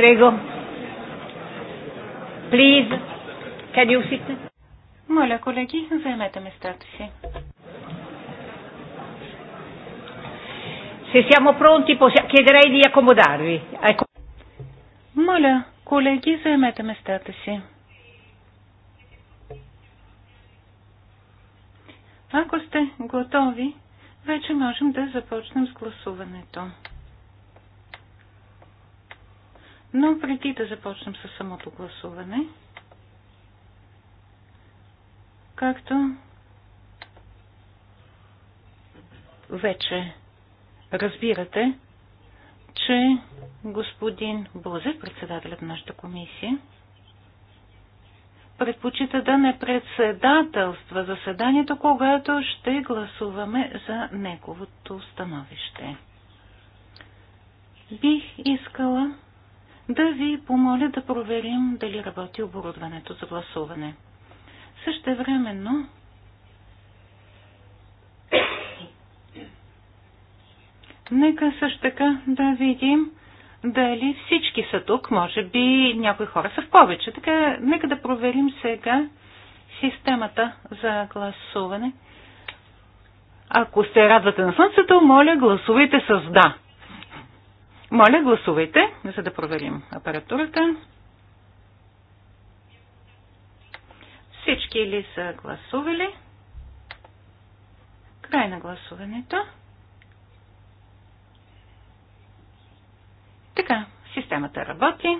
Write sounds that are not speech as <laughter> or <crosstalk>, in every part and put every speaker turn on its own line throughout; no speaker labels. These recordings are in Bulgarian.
Prego. Please. Can you sit?
Моля, колеги, заемете местата си. Se siamo pronti, chiederei di accomodarvi. Ecco. Моля, колеги, заемете местата си. Ако сте готови, вече можем да започнем с гласуването. Но преди да започнем с самото гласуване, както вече разбирате, че господин Бозев, председателят на нашата комисия, предпочита да не председателства заседанието, когато ще гласуваме за неговото становище. Бих искала да ви помоля да проверим дали работи оборудването за гласуване. времено. нека също така да видим дали всички са тук, може би някои хора са в повече. Така, нека да проверим сега системата за гласуване. Ако се радвате на слънцето, моля гласувайте с да. Моля, гласувайте, за да проверим апаратурата. Всички ли са гласували? Край на гласуването. Така, системата работи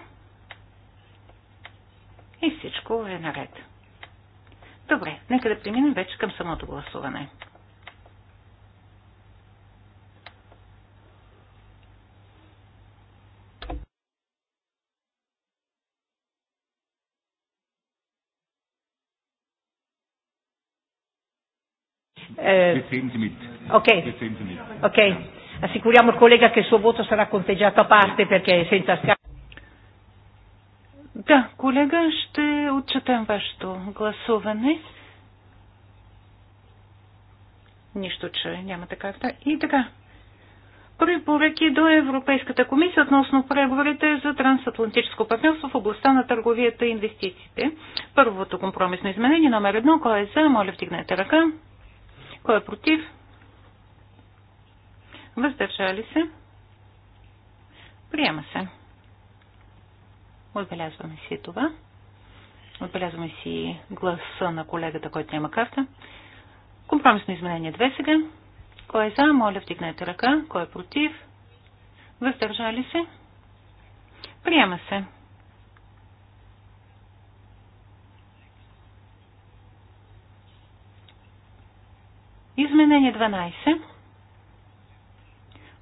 и всичко е наред. Добре, нека да преминем вече към самото гласуване.
Eh,
ok, ok. Assicuriamo il collega che il suo voto sarà conteggiato a parte
perché senza scambio. Да, колега, ще отчетем вашето гласуване. Нищо, че нямате как да. И така. Препоръки до Европейската комисия относно преговорите за трансатлантическо партньорство в областта на търговията и инвестициите. Първото компромисно изменение, номер едно, кой е за, моля втигнете ръка. Кой е против? Въздържали се? Приема се. Отбелязваме си това. Отбелязваме си гласа на колегата, който няма карта. Компромисно изменение 2 сега. Кой е за? Моля, вдигнете ръка. Кой е против? Въздържали се? Приема се. Изменение 12.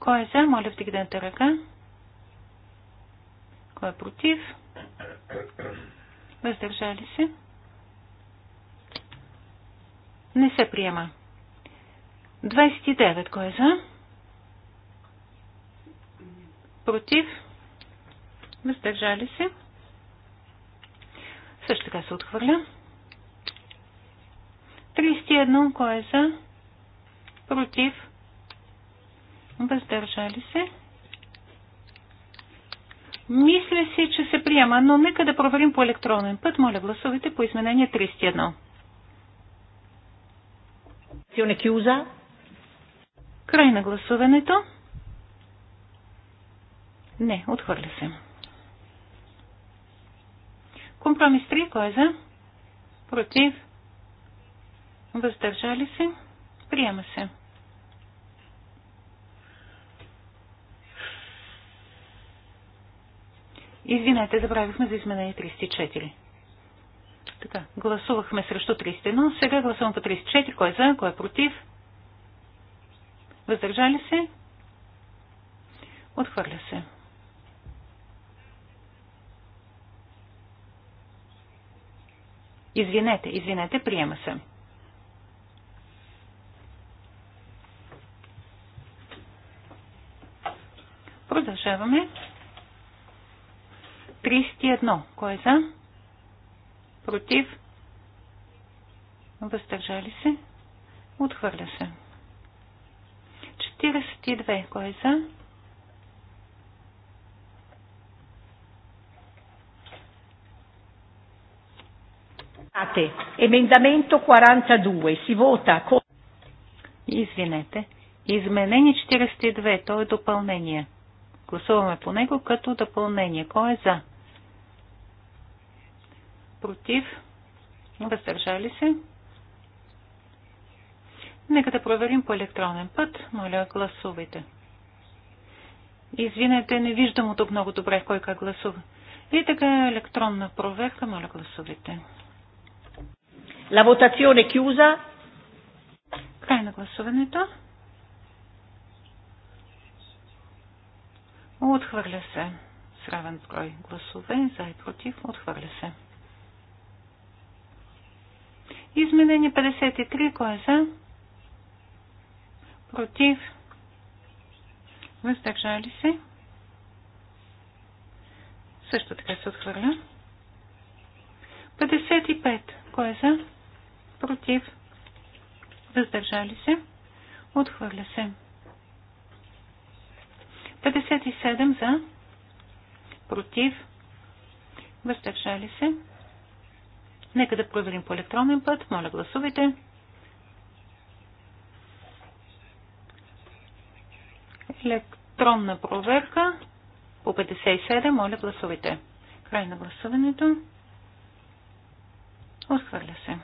Кой е за? Моля, вдигнете ръка. Кой е против? Въздържали се? Не се приема. 29. Кой е за? Против? Въздържали се? Също така се отхвърля. 31. Кой е за? против, въздържали се. Мисля си, че се приема, но нека да проверим по електронен път. Моля, гласувайте по изменение 31. Край на гласуването. Не, отхвърля се. Компромис 3, кой е за? Против? Въздържали се? Приема се. Извинете, забравихме за изменение 34. Така, гласувахме срещу 31, сега гласувам по 34. Кой е за, кой е против? Въздържали се? Отхвърля се. Извинете, извинете, приема се. Продължаваме. 31. Кой е за? Против? Въздържали се? Отхвърля се. 42. Кой е за? Емендаменто 42. Си вота. Извинете. Изменение 42. То е допълнение. Гласуваме по него като допълнение. Кой е за? Против? Въздържали се? Нека да проверим по електронен път. Моля, гласувайте. Извинете, не виждам от тук много добре кой как гласува. И така електронна проверка. Моля, гласувайте.
La votazione
chiusa. Край на гласуването. Отхвърля се. С равен брой гласове. За и против. Отхвърля се. Изменение 53. Кой е за? Против. Въздържали се. Също така се отхвърля. 55. Кой е за? Против. Въздържали се. Отхвърля се. 57 за, против, въздържали се. Нека да проверим по електронен път. Моля, гласувайте. Електронна проверка по 57. Моля, гласувайте. Край на гласуването. Отхвърля се.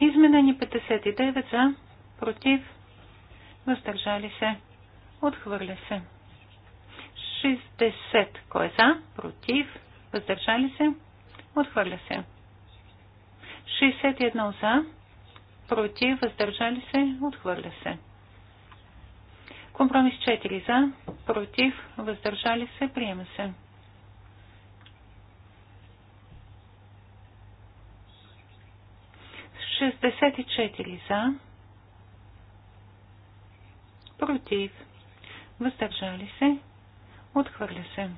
Изменени 59 за против, въздържали се, отхвърля се. 60. Кой е за? Против. Въздържали се? Отхвърля се. 61 за. Против. Въздържали се? Отхвърля се. Компромис 4 за. Против. Въздържали се? Приема се. Шестдесет и четири за против, въздържали се, отхвърля се.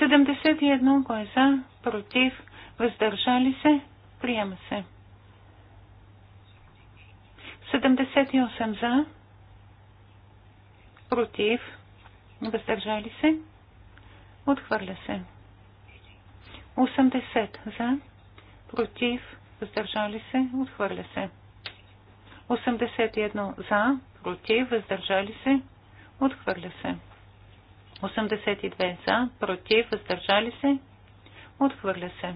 71 кой е за, против, въздържали се, приема се. 78 за, против, въздържали се, отхвърля се. 80 за, против, въздържали се, отхвърля се. 81 за, против, въздържали се, отхвърля се. 82 за, против, въздържали се, отхвърля се.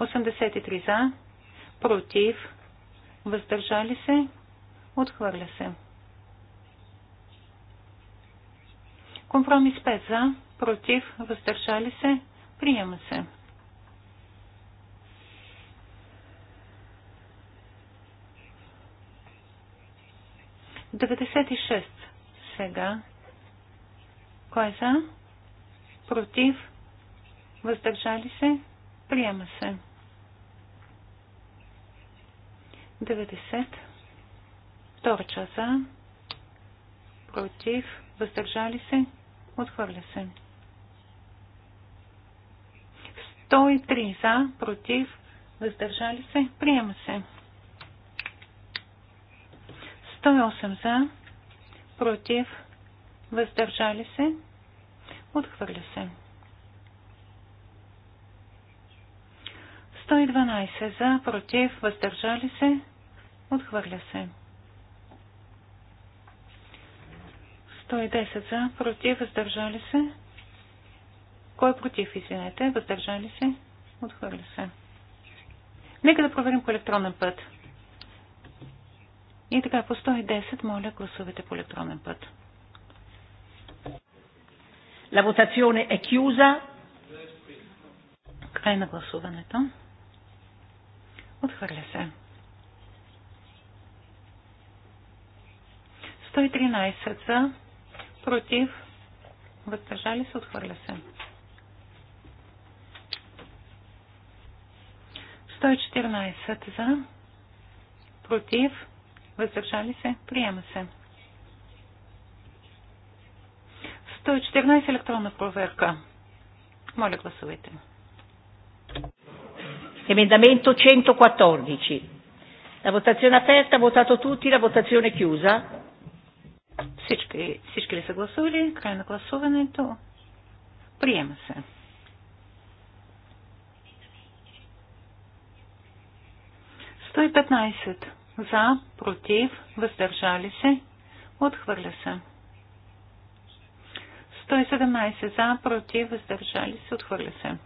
83 за, против, въздържали се, отхвърля се. Компромис 5 за, против, въздържали се, приема се. 96 сега. Кой е за? Против? Въздържали се? Приема се. 90. Втора часа. Против? Въздържали се? Отхвърля се. 103 за, против, въздържали се, приема се. 108 за, против, въздържали се, отхвърля се. 112 за, против, въздържали се, отхвърля се. 110 за, против, въздържали се. Кой е против, извинете, въздържали се, отхвърля се. Нека да проверим по електронен път. И така, по 110, моля, гласувайте по електронен път. La votazione è chiusa. Край на гласуването. Отхвърля се. 113 за, против, въздържали се, отхвърля се. 114 за, против, въздържали се, приема се. 114 електронна проверка. Моля, гласувайте.
Емендаменто 114. La votazione aperta, votato tutti, la votazione
chiusa. Всички, всички ли са гласували? Край на гласуването. Приема се. Стои 15 за, против, въздържали се, отхвърля се. 117 за, против, въздържали се, отхвърля се.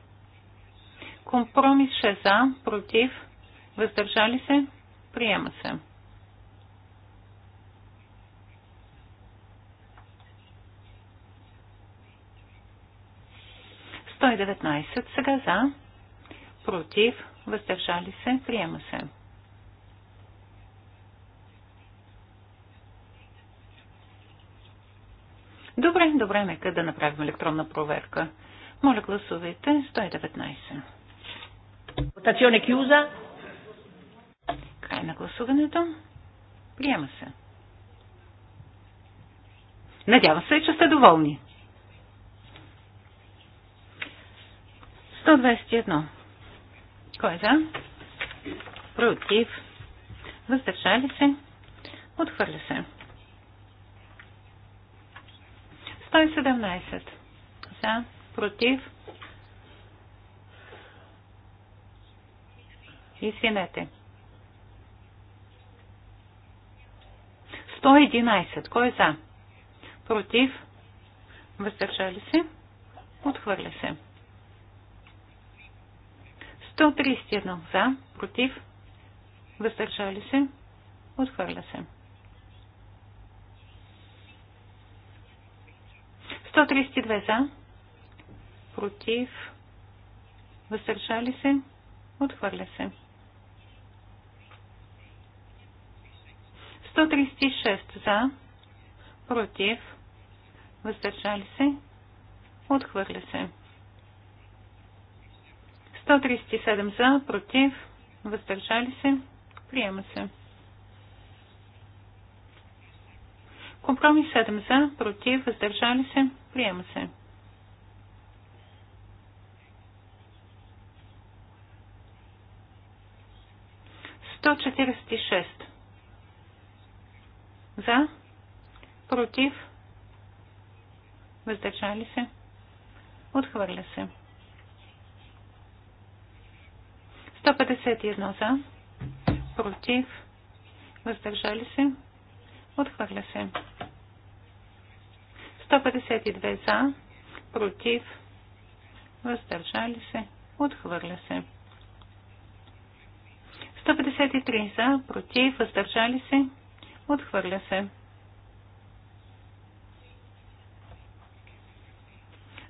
Компромис 6 за, против, въздържали се, приема се. сега за, против, въздържали се, приема се. Добре, добре, нека да направим електронна проверка. Моля, гласувайте 119. Ротационе Кюза. Край на гласуването. Приема се. Надявам се, че сте доволни. 121. Кой е за? Против. Въздържали се. Отхвърля се. 117. За, против. Извинете. 111. Кой е за? Против. Въздържали се. Отхвърля се. 131 за, против, въздържали се, отхвърля се. 132. 132 за, против, въздържали се, отхвърля се. 136 за, против, въздържали се, отхвърля се. 137 за, против, въздържали се, приема се. Компромис 7 за, против, въздържали се, Приема се. Сто четиридесет и шест. За. Против. Въздържали се. Отхвърля се. 151 за. Против. Въздържали се. Отхвърля се. 152 за, против, въздържали се, отхвърля се. 153 за, против, въздържали се, отхвърля се.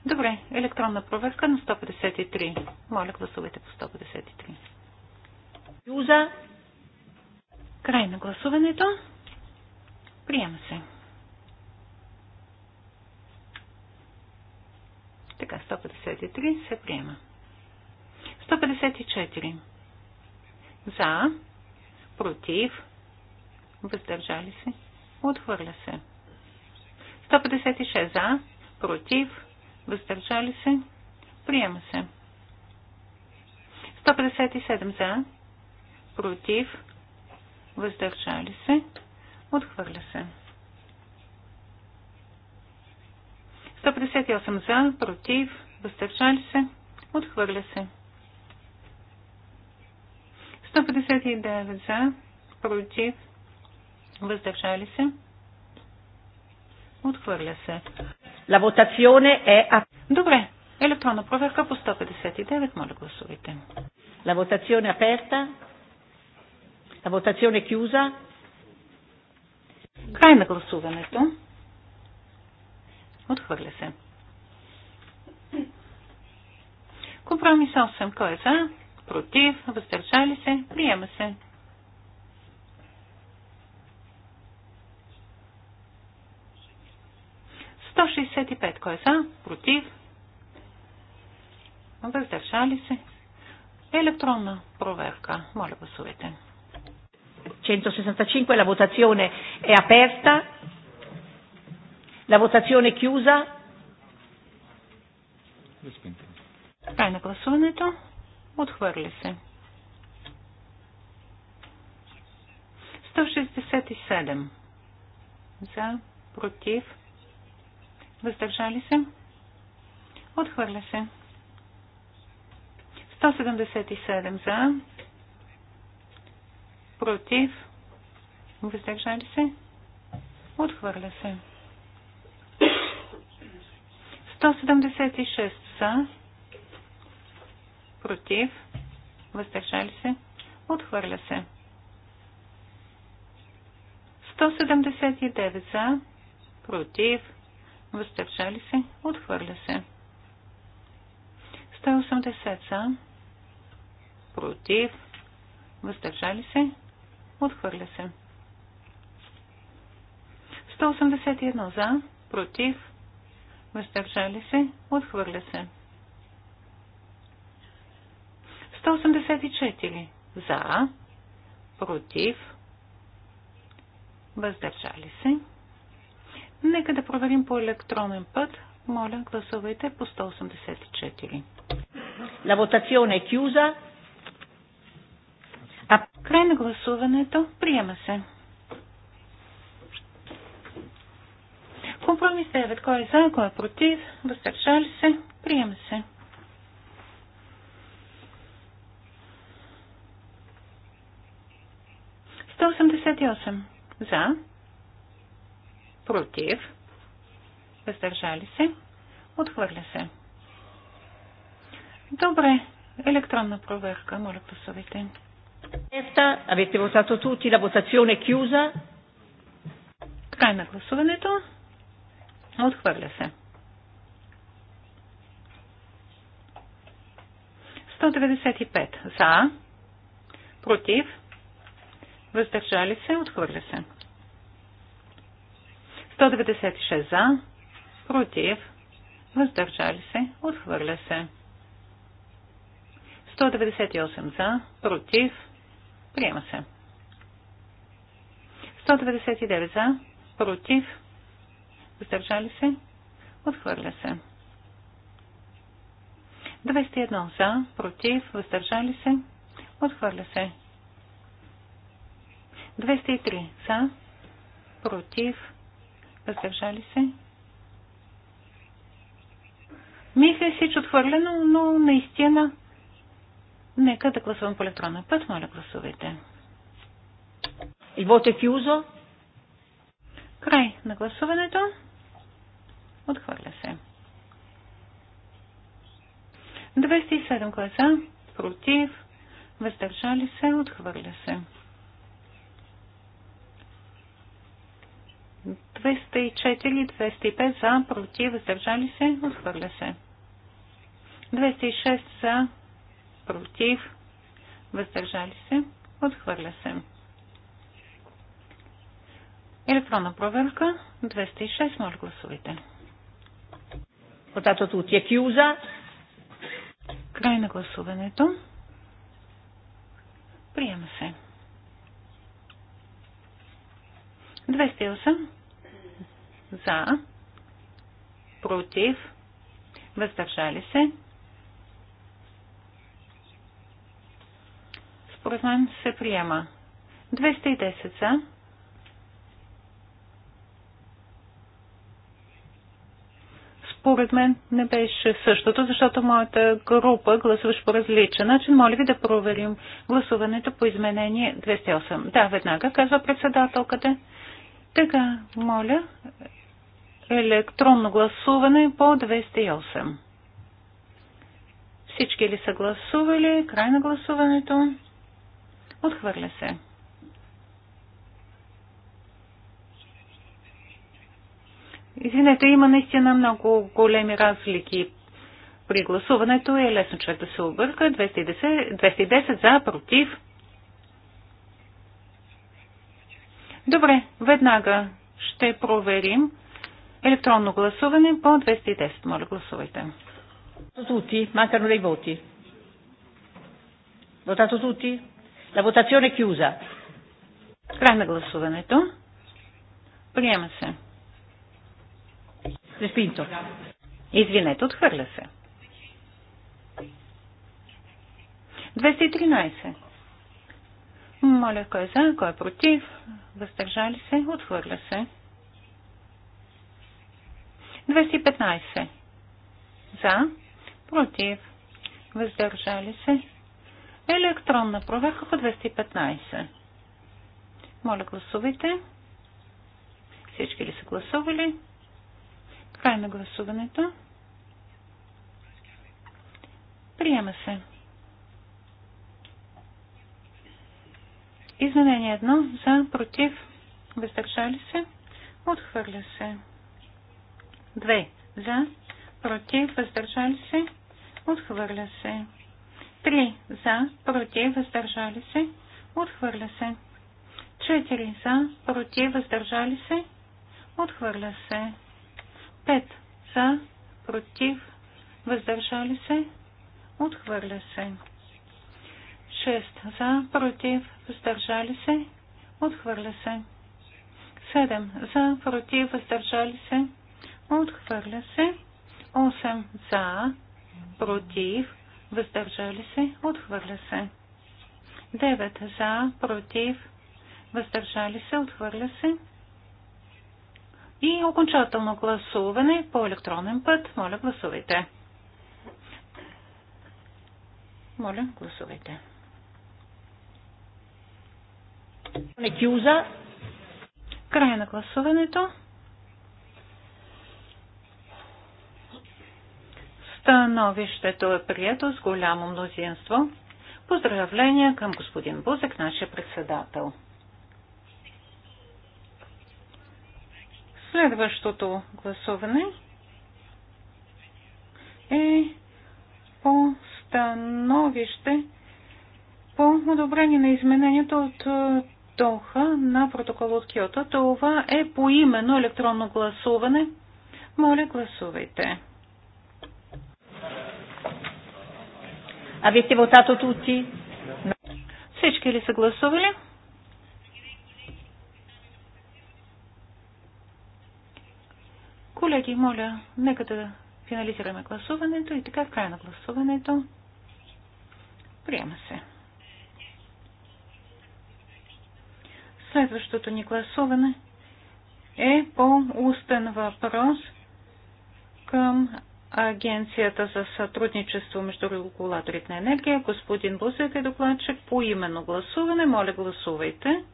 Добре, електронна проверка на 153. Моля, гласувайте по 153. Юза. Край на гласуването. Приема се. Така, 153 се приема. 154. За, против, въздържали се, отхвърля се. 156 за, против, въздържали се, приема се. 157 за, против, въздържали се, отхвърля се. 158 за, против, въздържали се, отхвърля се. 159 за, против, въздържали се, отхвърля се. La votazione è... a... Добре, електронна проверка по 159, моля гласувайте. La votazione aperta. La votazione chiusa. Край на гласуването. Отхвърля се. Компромис 8. Кой е за? Против? Въздържали се? Приема се. Кой е за? Против? Въздържали се? Електронна проверка. Моля, гласувайте. 165 la votazione è
aperta. La votazione è chiusa.
Край се. 167. За, против, въздържали се. Отхвърля се. 177 за, против, въздържали се. Отхвърля се. 176 за, против, въздържали се, отхвърля се. 179 за, против, въздържали се, отхвърля се. 180 за, против, въздържали се, отхвърля се. 181 за, против, въздържали се, отхвърля се. 184 за, против, въздържали се. Нека да проверим по електронен път. Моля, гласувайте по 184.
La votazione
è chiusa. Край на гласуването. Приема се. Компромис 9. Кой е за, кой е против, въздържали се, приема се. За. Против. Въздържали се. Отхвърля се. Добре. Електронна проверка. Моля, гласувайте.
Avete votato tutti, la votazione è chiusa.
Край на гласуването. Отхвърля се. 195 за, против, въздържали се, отхвърля се. 196 за, против, въздържали се, отхвърля се. 198 за, против, приема се. 199 за, против, Въздържали се? Отхвърля се. 21 за, против, въздържали се? Отхвърля се. 203 за, против, въздържали се? Мисля си, че отхвърлено, но наистина нека да гласувам по електронен път. Моля, гласувайте. И вот е фюзо. Край на гласуването. Отхвърля се. 207 гласа. Против. Въздържали се. Отхвърля се. 204 205 за. Против. Въздържали се. Отхвърля се. 206 за. Против. Въздържали се. Отхвърля се. Електронна проверка 206. Моля гласувайте. Votato от Якиуза. Край на гласуването. Приема се. 208 за, против, въздържали се. Според мен се приема. 210 са. според мен не беше същото, защото моята група гласуваше по различен начин. Моля ви да проверим гласуването по изменение 208. Да, веднага, казва председателката. Така, моля, електронно гласуване по 208. Всички ли са гласували? Край на гласуването. Отхвърля се. Извинете, има наистина много големи разлики при гласуването. Е лесно човек да се обърка. 210, 210 за, против. Добре, веднага ще проверим електронно гласуване по 210. Моля, гласувайте. Тути, макар не voti. Votato tutti? La votazione è chiusa. Край на гласуването. Приема се. Респинто. Извинете, отхвърля се. 213. Моля, кой е за, кой е против, въздържали се, отхвърля се. 215. За, против, въздържали се. Електронна проверка по 215. Моля, гласувайте. Всички ли са гласували? Край на гласуването. Приема се. Изменение 1 за против. Въздържали се. Отхвърля се. 2 за против. Въздържали се. Отхвърля се. 3 за против. Въздържали се. Отхвърля се. 4 за против. Въздържали се. Отхвърля се. 5 за, против, въздържали се, отхвърля се. 6 за, против, въздържали се, отхвърля се. 7 за, против, въздържали се, отхвърля се. 8 за, против, въздържали се, отхвърля се. 9 за, против, въздържали се, отхвърля се. И окончателно гласуване по електронен път. Моля, гласувайте. Моля, гласувайте. Края на гласуването. Становището е прието с голямо мнозинство. Поздравления към господин Бузек, нашия председател. Следващото гласуване е по становище по одобрение на изменението от е, Доха на протокол от Киото. Това е поименно електронно гласуване. Моля, гласувайте. Avete от ти? Всички ли са гласували? Колеги, моля, нека да финализираме гласуването и така в края на гласуването приема се. Следващото ни гласуване е по устен въпрос към Агенцията за сътрудничество между регулаторите на енергия. Господин Бузев е докладчик по именно гласуване. Моля, гласувайте.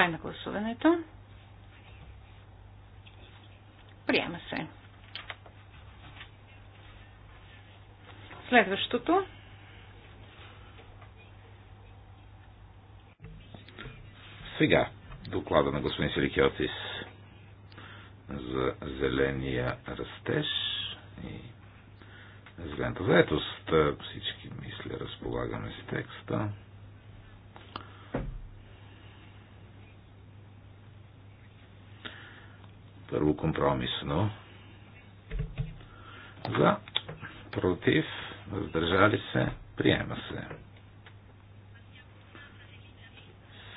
Край на гласуването. Приема се. Следващото.
Сега доклада на господин Силикиотис за зеления растеж и зелената заетост. Всички, мисля, разполагаме с текста. Първо компромисно. За, против, въздържали се, приема се.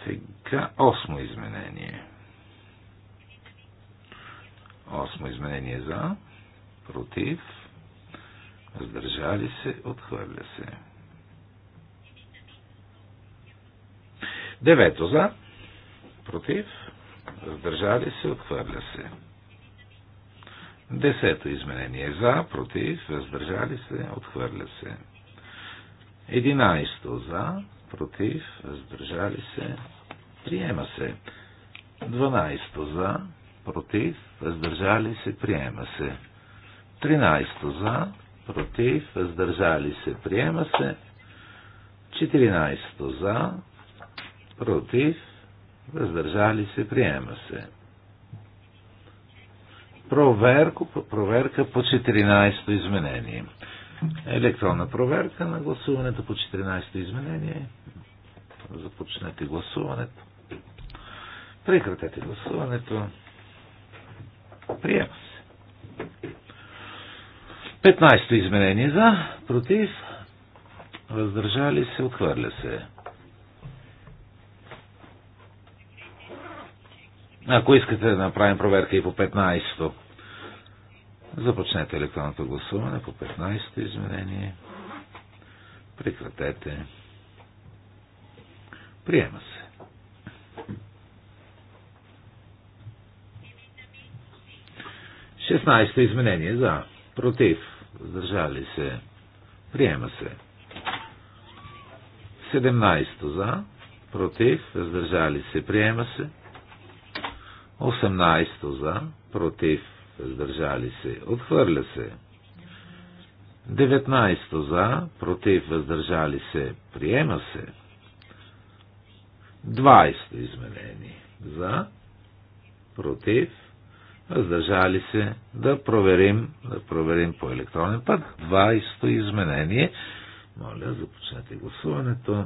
Сега осмо изменение. Осмо изменение за, против, въздържали се, отхвърля се. Девето за, против, въздържали се, отхвърля се. Десето изменение е за, против, въздържали се, отхвърля се. Единайсто за, против, въздържали се, приема се. Дванайсто за, против, въздържали се, приема се. Тринайсто за, против, въздържали се, приема се. Четиринайсто за, против, Въздържали се, приема се. Проверка, проверка по 14-то изменение. Електронна проверка на гласуването по 14-то изменение. Започнете гласуването. Прекратете гласуването. Приема се. 15-то изменение за, против, въздържали се, отхвърля се. Ако искате да направим проверка и по 15-то, започнете електронното гласуване по 15-то изменение. Прекратете. Приема се. Шестнайсто изменение за. Против. Въздържали се. Приема се. 17 за. Против. Въздържали се. Приема се. 18 за, против, въздържали се, отхвърля се. 19 за, против, въздържали се, приема се. 20 изменени за, против, въздържали се, да проверим, да проверим по електронен път. 20 изменение. Моля, започнете гласуването.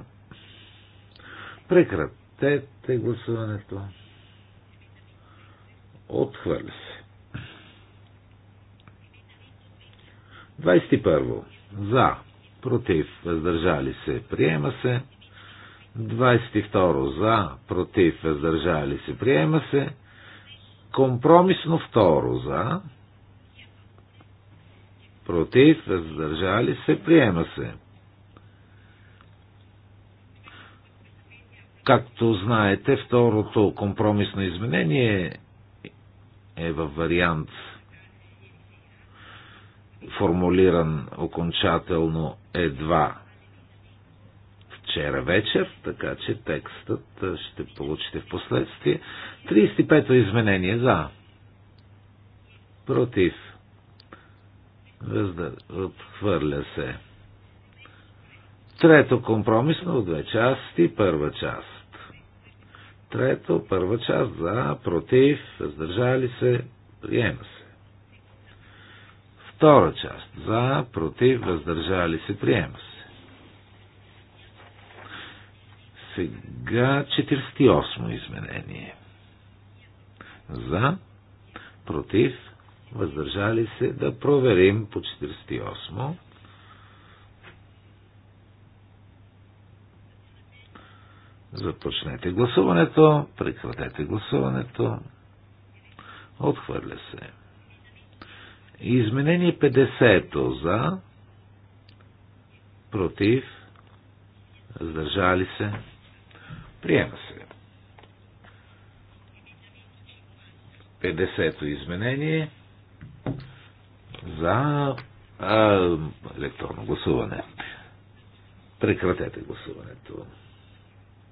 Прекратете гласуването. Отхвърля се. 21. За. Против. Въздържали се. Приема се. 22. За. Против. Въздържали се. Приема се. Компромисно второ. За. Против. Въздържали се. Приема се. Както знаете, второто компромисно изменение е във вариант формулиран окончателно едва вчера вечер, така че текстът ще получите в последствие. 35-то изменение за. Против. Въздър... Отхвърля се. Трето компромисно от две части. Първа част. Трето, първа част за, против, въздържали се, приема се. Втора част за, против, въздържали се, приема се. Сега 48 изменение. За, против, въздържали се, да проверим по 48. Започнете гласуването, прекратете гласуването. Отхвърля се. Изменение 50-то за, против, задържали се, приема се. 50-то изменение за а, електронно гласуване. Прекратете гласуването.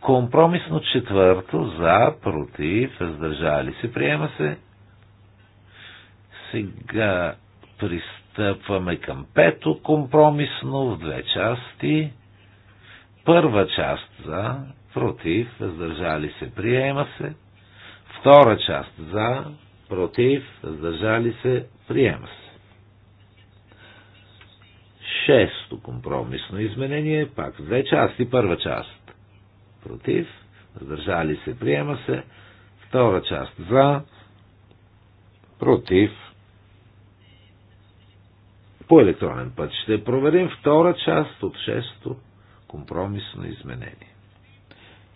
Компромисно четвърто за, против, въздържали се, приема се. Сега пристъпваме към пето компромисно в две части. Първа част за, против, въздържали се, приема се. Втора част за, против, въздържали се, приема се. Шесто компромисно изменение, пак в две части. Първа част против, въздържали се, приема се. Втора част за, против. По електронен път ще проверим втора част от шесто компромисно изменение.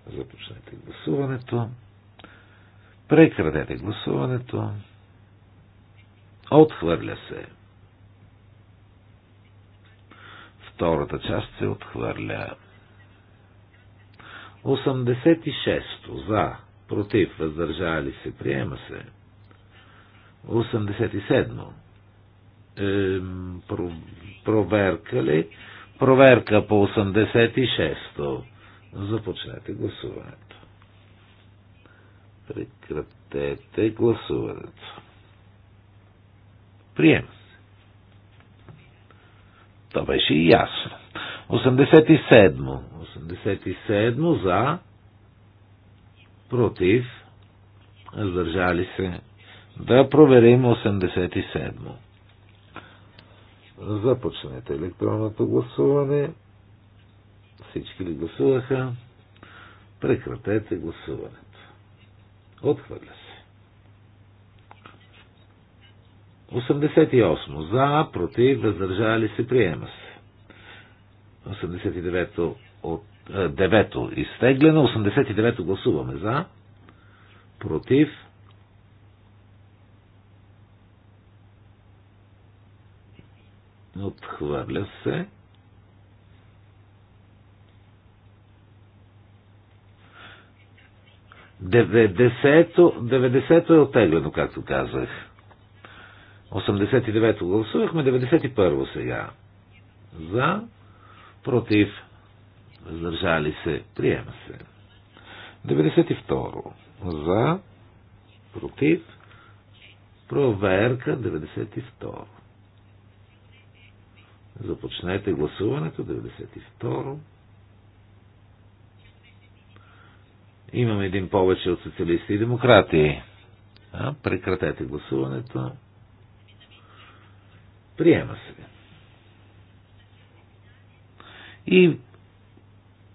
Започнете гласуването. Прекратете гласуването. Отхвърля се. Втората част се отхвърля. 86 за, против, въздържали се, приема се. 87 е, про, проверка ли? Проверка по 86-то. Започнете гласуването. Прекратете гласуването. Приема се. Това беше и ясно. 87-мо. 87 за, против, въздържали се. Да проверим 87. Започнете електронното гласуване. Всички ли гласуваха? Прекратете гласуването. Отхвърля се. 88. За, против, въздържали се, приема се. 89-то от 9-то е, изтеглено, 89-то гласуваме за, против, отхвърля се. Деведесето е отеглено, както казах. 89-то гласувахме, 91 то сега. За, против, въздържали се, приема се. 92. За, против, проверка 92. Започнете гласуването 92. Имаме един повече от социалисти и демократи. А, прекратете гласуването. Приема се. И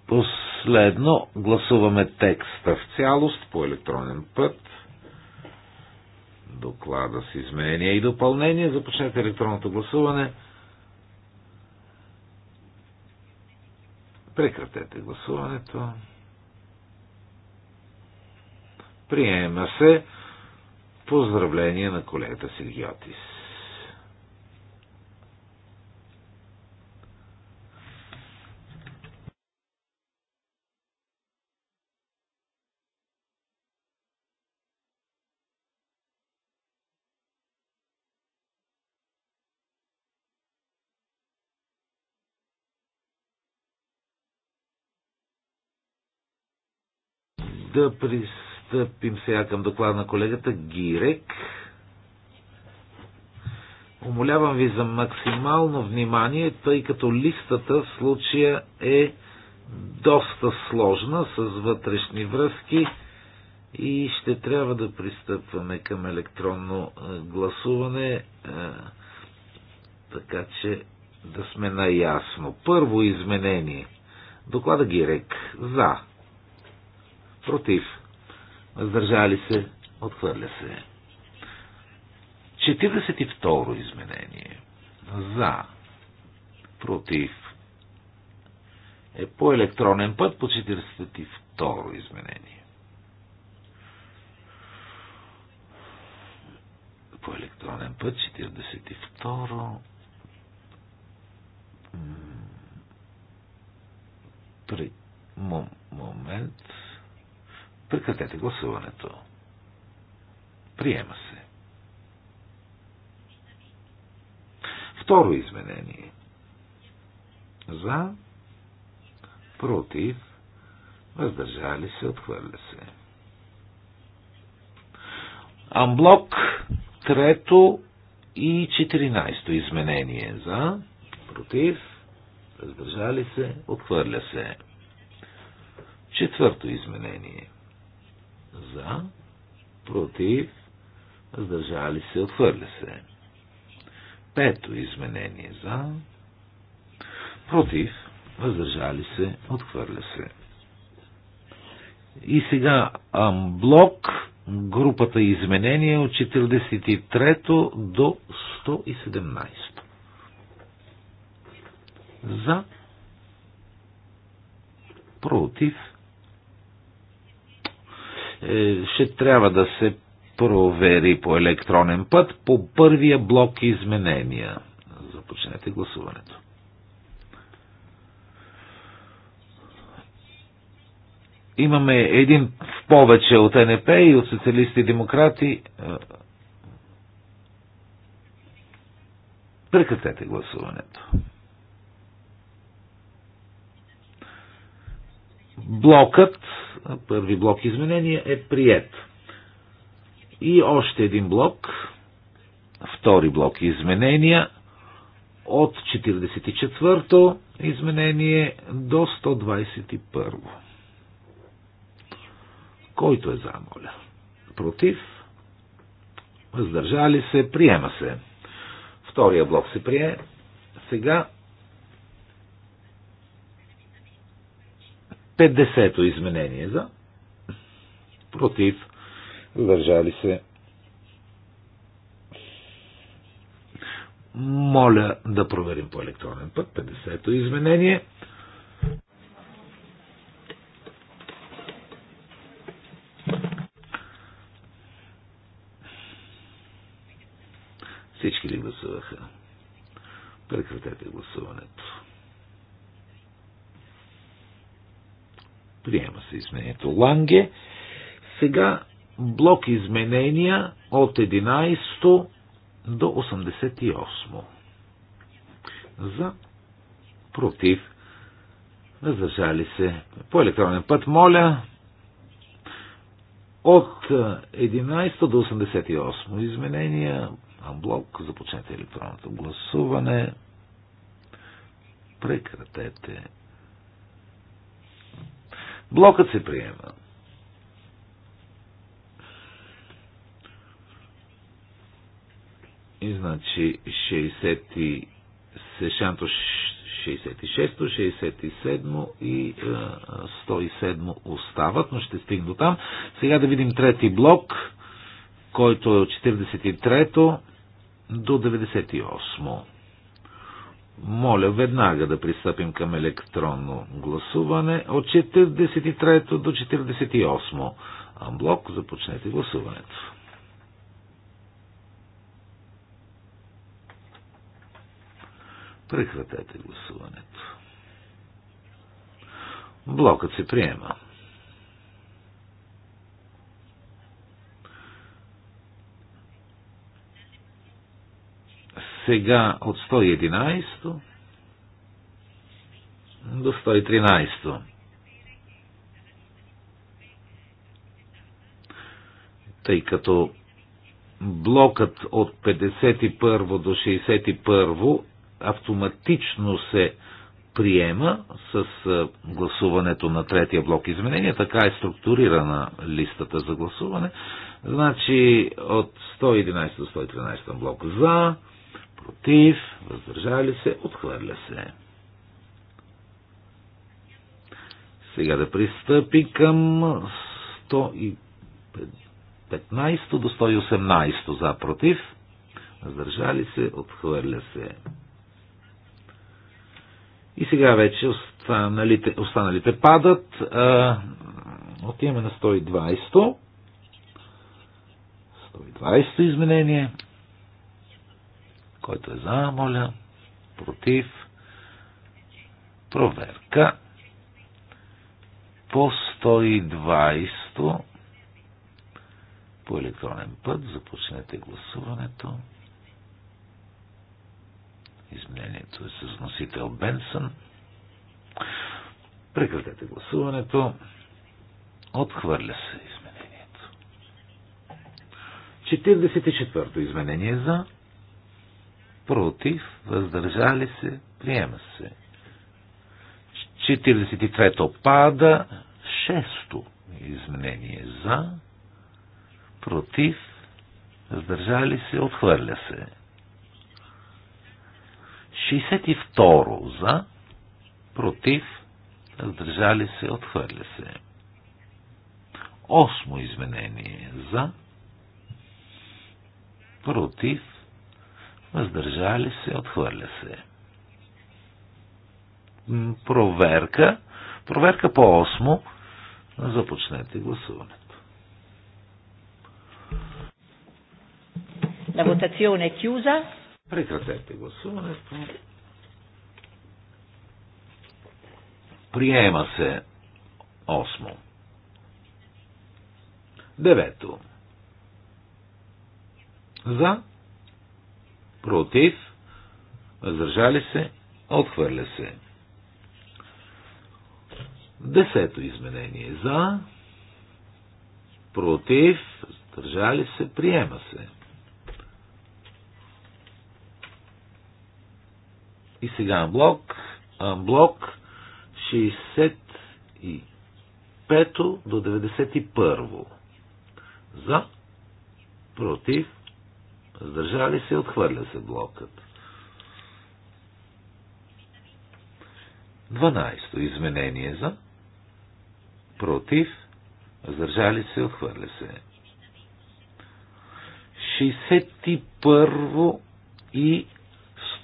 Последно гласуваме текста в цялост по електронен път. Доклада с изменения и допълнение. Започнете електронното гласуване. Прекратете гласуването. Приема се поздравление на колегата Силгиотис. Да пристъпим сега към доклада на колегата Гирек. Умолявам ви за максимално внимание, тъй като листата в случая е доста сложна с вътрешни връзки и ще трябва да пристъпваме към електронно гласуване, така че да сме наясно. Първо изменение. Доклада Гирек. За против, въздържали се, отхвърля се. 42 изменение. За, против, е по електронен път по 42 изменение. По електронен път 42 при момент Прекратете гласуването. Приема се. Второ изменение. За, против, въздържали се, отхвърля се. Амблок, трето и 14 изменение за, против, въздържали се, отхвърля се. Четвърто изменение. За. Против. Въздържали се. Отхвърля се. Пето изменение. За. Против. Въздържали се. Отхвърля се. И сега блок групата изменения от 43 до 117. За против е, ще трябва да се провери по електронен път по първия блок изменения. Започнете гласуването. Имаме един в повече от НП и от социалисти и демократи. Е, прекратете гласуването. Блокът, първи блок изменения е прият. И още един блок, втори блок изменения от 44-то изменение до 121 во Който е за, моля? Против? Въздържали се? Приема се. Втория блок се прие. Сега 50-то изменение за. Против. Въздържали се. Моля да проверим по електронен път 50-то изменение. Всички ли гласуваха? Прекратете гласуването. Приема се изменението Ланге. Сега блок изменения от 11 до 88. За, против, въздържали се по електронен път. Моля, от 11 до 88 изменения, блок, започнете електронното гласуване, прекратете Блокът се приема. И значи 60 Сешанто 66-то, 67-о и 107 остават, но ще стигна до там. Сега да видим трети блок, който е от 43-то до 98-о. Моля веднага да пристъпим към електронно гласуване от 43 до 48. Амблок, започнете гласуването. Прекратете гласуването. Блокът се приема. Сега от 111 до 113. Тъй като блокът от 51 до 61 автоматично се приема с гласуването на третия блок изменения. Така е структурирана листата за гласуване. Значи от 111 до 113 блок за, против, въздържали се, отхвърля се. Сега да пристъпи към 115 до 118 за против, въздържали се, отхвърля се. И сега вече останалите, останалите падат. А, отиваме на 120. 120 изменение. Който е за, моля. Против. Проверка. По 120 по електронен път започнете гласуването. Изменението е с носител Бенсън. Прекратете гласуването. Отхвърля се изменението. 44-то изменение за против, въздържали се, приема се. 43-то пада, 6-то изменение за, против, въздържали се, отхвърля се. 62 за, против, въздържали се, отхвърля се. Осмо изменение за, против, въздържали се, отхвърля се. Проверка. Проверка по 8. Започнете гласуването.
La votazione è chiusa.
Прекратете
гласуването.
Приема се 8. Девето. За против, въздържали се, отхвърля се. Десето изменение за, против, въздържали се, приема се. И сега блок, амблок 65 до 91. За, против, Сдържали се, отхвърля се блокът. 12. Изменение за. Против. Въздържали се, отхвърля се. 61 и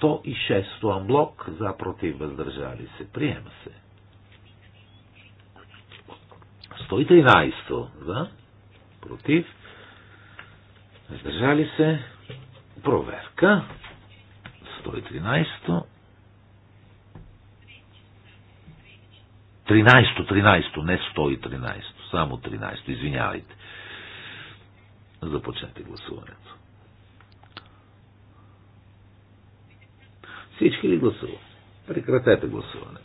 106 амблок за против въздържали се. Приема се. 113 за против въздържали се. Проверка. 113-то. 13-то, 13-то, не 113-то, само 13-то, извинявайте. Започнете гласуването. Всички ли гласуват? Прекратете гласуването.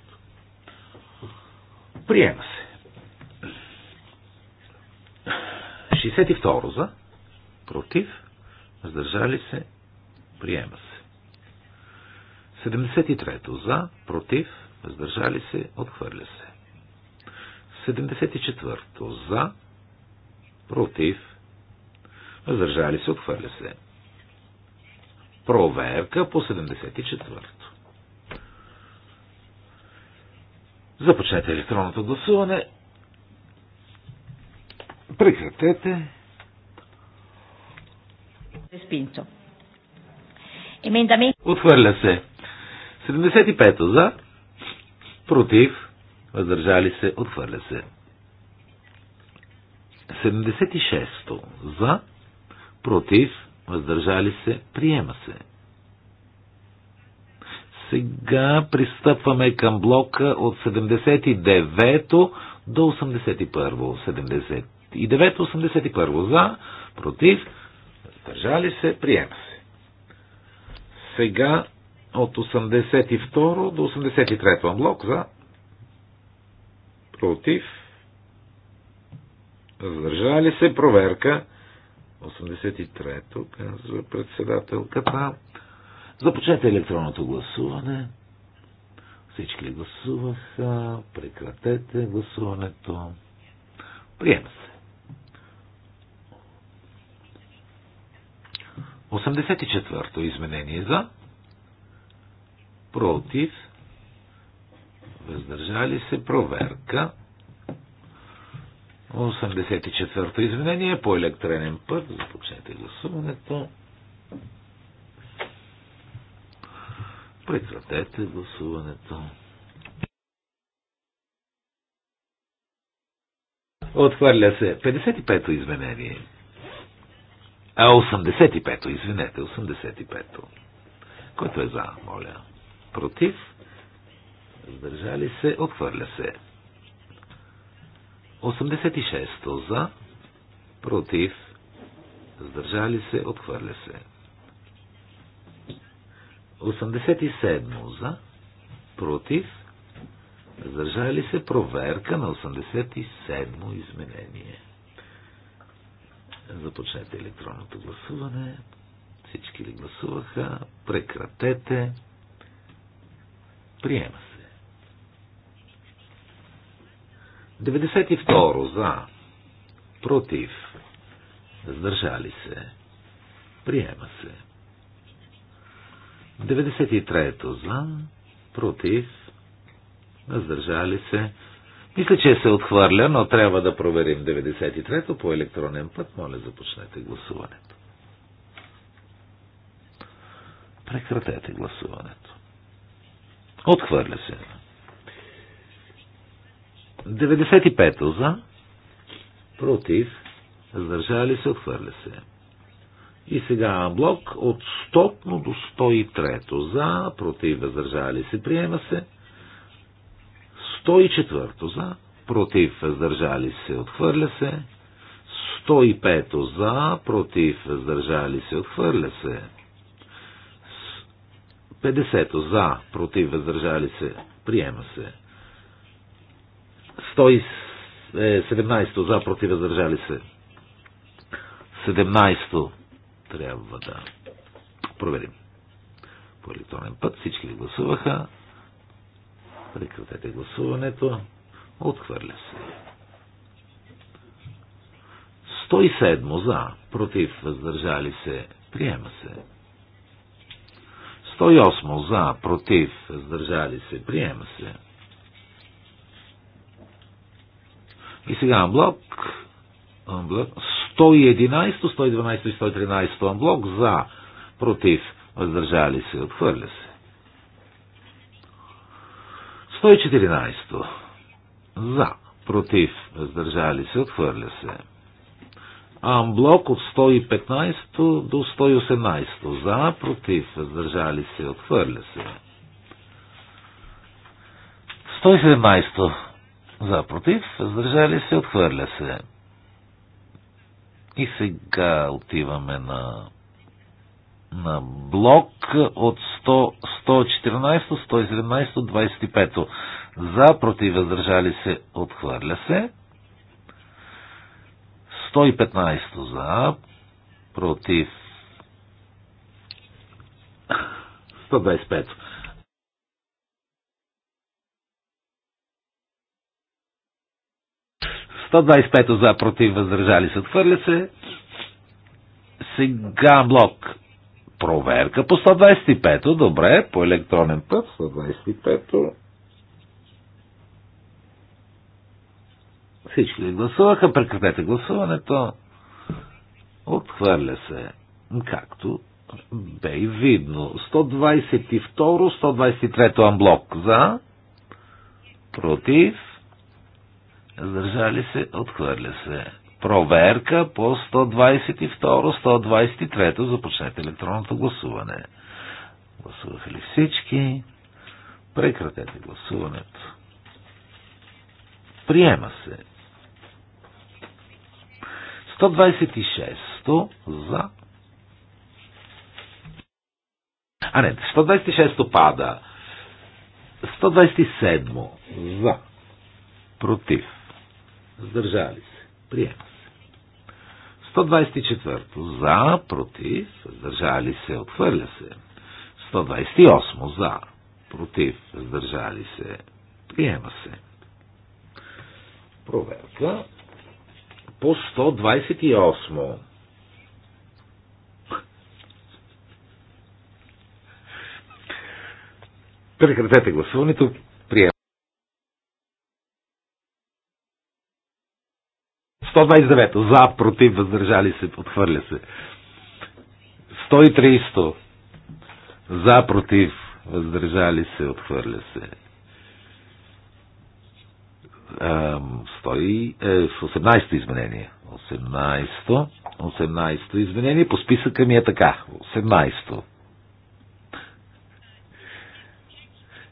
Приема се. 62 за, против, въздържали се, приема се. 73-то за, против, въздържали се, отхвърля се. 74-то за, против, въздържали се, отхвърля се. Проверка по 74-то. Започнете електронното гласуване.
Прекратете respinto. Емендамент...
Отхвърля се. 75 за, против, въздържали се, отхвърля се. 76 за, против, въздържали се, приема се. Сега пристъпваме към блока от 79 до 81. 79-81 за, против, въздържали се, приема се. Сега от 82 до 83 амблок за против въздържали се, проверка 83-то, казва председателката. Започнете електронното гласуване. Всички гласуваха. Прекратете гласуването. Приема се. 84-то изменение за, против, въздържали се, проверка. 84-то изменение по електронен път. Започнете гласуването. Прекратете гласуването. Отхвърля се 55-то изменение. А 85-то, извинете, 85-то. Който е за, моля. Против. Сдържали се. Отхвърля се. 86-то за. Против. Сдържали се. Отхвърля се. 87-то за. Против. Сдържали се. Проверка на 87-то изменение. Започнете електронното гласуване. Всички ли гласуваха? Прекратете. Приема се. 92 за. Против. Сдържали се. Приема се. 93 за. Против. Сдържали се. Мисля, че се отхвърля, но трябва да проверим 93-то по електронен път. Моля, започнете гласуването. Прекратете гласуването. Отхвърля се. 95-то за. Против. Въздържали се. Отхвърля се. И сега блок от 100 до 103 за, против въздържали се, приема се. 104 за, против, въздържали се, отхвърля се. 105 за, против, въздържали се, отхвърля се. 50 за, против, въздържали се, приема се. 117 за, против, въздържали се. 17 трябва да проверим. По електронен път всички гласуваха. Прекратете гласуването. Отхвърля се. 107 за, против, въздържали се, приема се. 108 за, против, въздържали се, приема се. И сега анблок. анблок 111, 112 и 113 анблок за, против, въздържали се, отхвърля се. 114. За. Против. Въздържали се. Отхвърля се. Амблок от 115 до 118. За. Против. Въздържали се. Отхвърля се. 117. За. Против. Въздържали се. Отхвърля се. И сега отиваме на на блок от 114, 117, 25. За, против, въздържали се, отхвърля се. 115 за, против 125. Сто за против въздържали се отхвърля се. Сега блок проверка по 125-то, добре, по електронен път, 125-то. Всички ли гласуваха? Прекратете гласуването. Отхвърля се, както бе и видно. 122-123 амблок за, против, Задържали се, отхвърля се проверка по 122-123. Започнете електронното гласуване. Гласуваха ли всички? Прекратете гласуването. Приема се. 126 за. А не, 126 пада. 127 за. Против. Сдържали се. Приема. 124 за, против, въздържали се, отхвърля се. 128 за, против, въздържали се, приема се. Проверка по 128. Прекратете гласуването. 129. За, против, въздържали се, отхвърля се. 130. За, против, въздържали се, отхвърля се. 18-то е, изменение. 18-то 18 изменение по списъка ми е така. 18-то.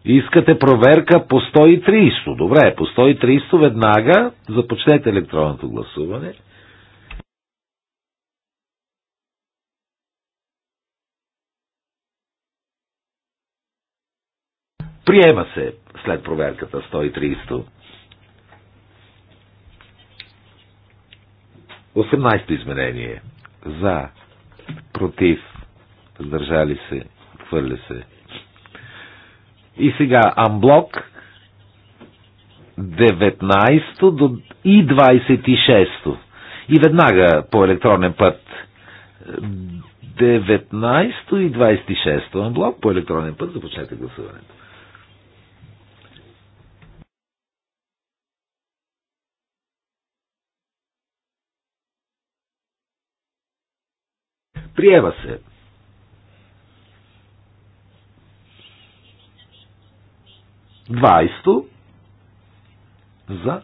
Искате проверка по 130. Добре, по 130 веднага започнете електронното гласуване. Приема се след проверката 130. 18 изменение. За, против, въздържали се, хвърля се. И сега Амблок 19 до и 26. И веднага по електронен път 19 и 26 Амблок по електронен път започнете гласуването. Приема се. 20 за,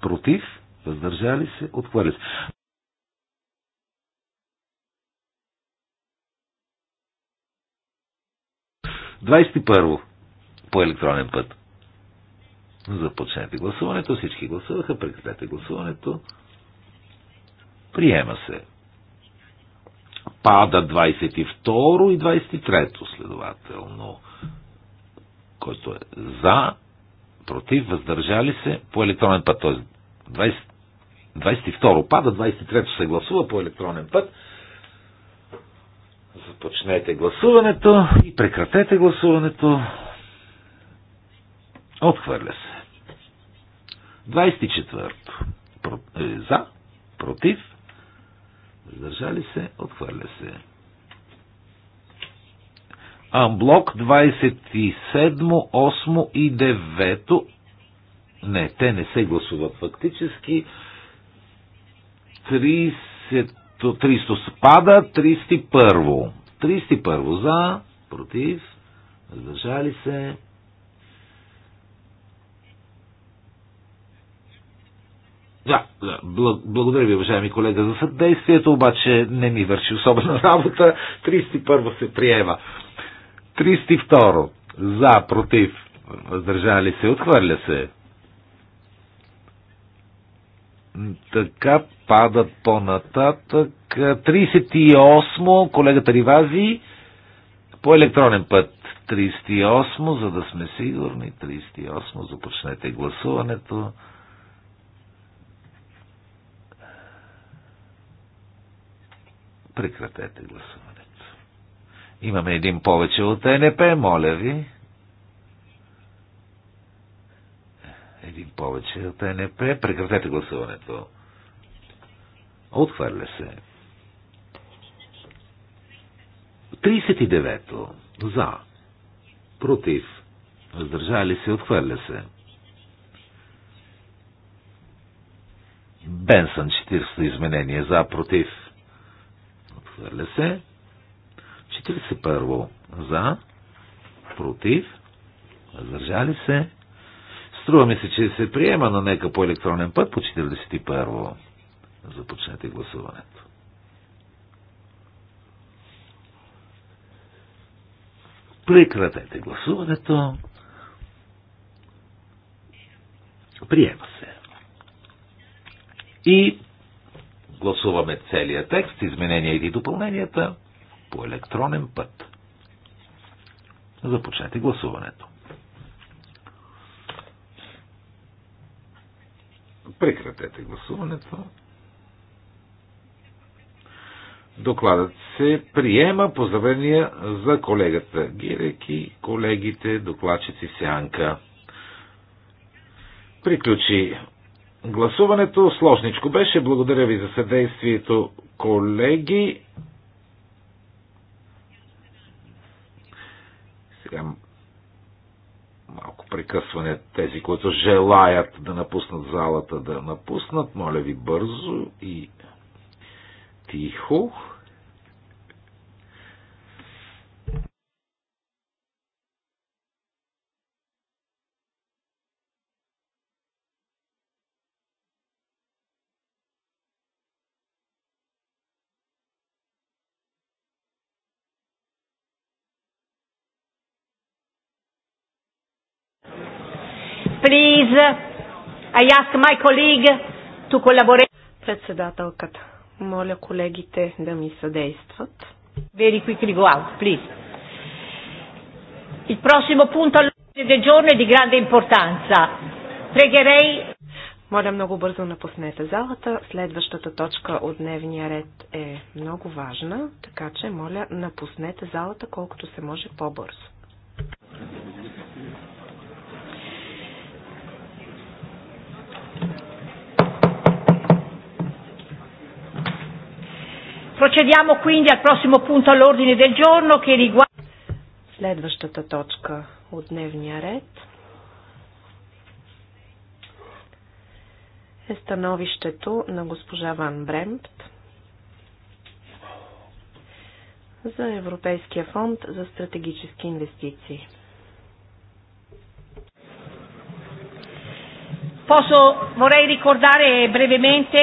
против, въздържали се, отхвърли се. Двадесет първо по електронен път. Започнете гласуването. Всички гласуваха. Прекратете гласуването. Приема се. Пада 22 и 23 следователно който е за, против, въздържали се по електронен път. т.е. 22 22 пада, 23 се гласува по електронен път. Започнете гласуването и прекратете гласуването. Отхвърля се. 24. Про, е, за, против, въздържали се, отхвърля се. Амблок 27, 8 и 9. Не, те не се гласуват фактически. 300 спада, 31. 31 за, против, въздържали се. Да, да. Благодаря ви, уважаеми колега, за съдействието, обаче не ми върши особена работа. 31 се приема. 32. За, против, въздържали се, отхвърля се. Така падат по-нататък. 38. Колегата Ривази по електронен път. 38, за да сме сигурни. 38, започнете гласуването. Прекратете гласуването. Имаме един повече от НП, моля ви. Един повече от НП. Прекратете гласуването. Отхвърля се. 39-то. За. Против. Въздържали се. Отхвърля се. Бенсън 40 изменение. За. Против. Отхвърля се. 41 за, против, въздържали се. Струва ми се, че се приема, но нека по електронен път по 41 започнете гласуването. Прекратете гласуването. Приема се. И гласуваме целият текст, измененията и допълненията по електронен път. Започнете гласуването. Прекратете гласуването. Докладът се приема заведения за колегата Гирек и колегите докладчици Сянка. Приключи гласуването. Сложничко беше. Благодаря ви за съдействието, колеги. така малко прекъсване тези, които желаят да напуснат залата, да напуснат. Моля ви бързо и тихо.
I ask my colleague to collaborate. Председателката. Моля колегите да ми съдействат. Very quickly go out, please. Il prossimo punto all'ordine del giorno è di grande importanza. Pregherei моля много
бързо напуснете залата. Следващата точка от дневния ред е много важна, така че моля напуснете залата колкото се може по-бързо.
Procediamo quindi al prossimo punto all'ordine del giorno che riguarda...
Следващата точка
от дневния ред е становището на госпожа Ван Бремпт за Европейския фонд за стратегически инвестиции.
Posso, vorrei ricordare brevemente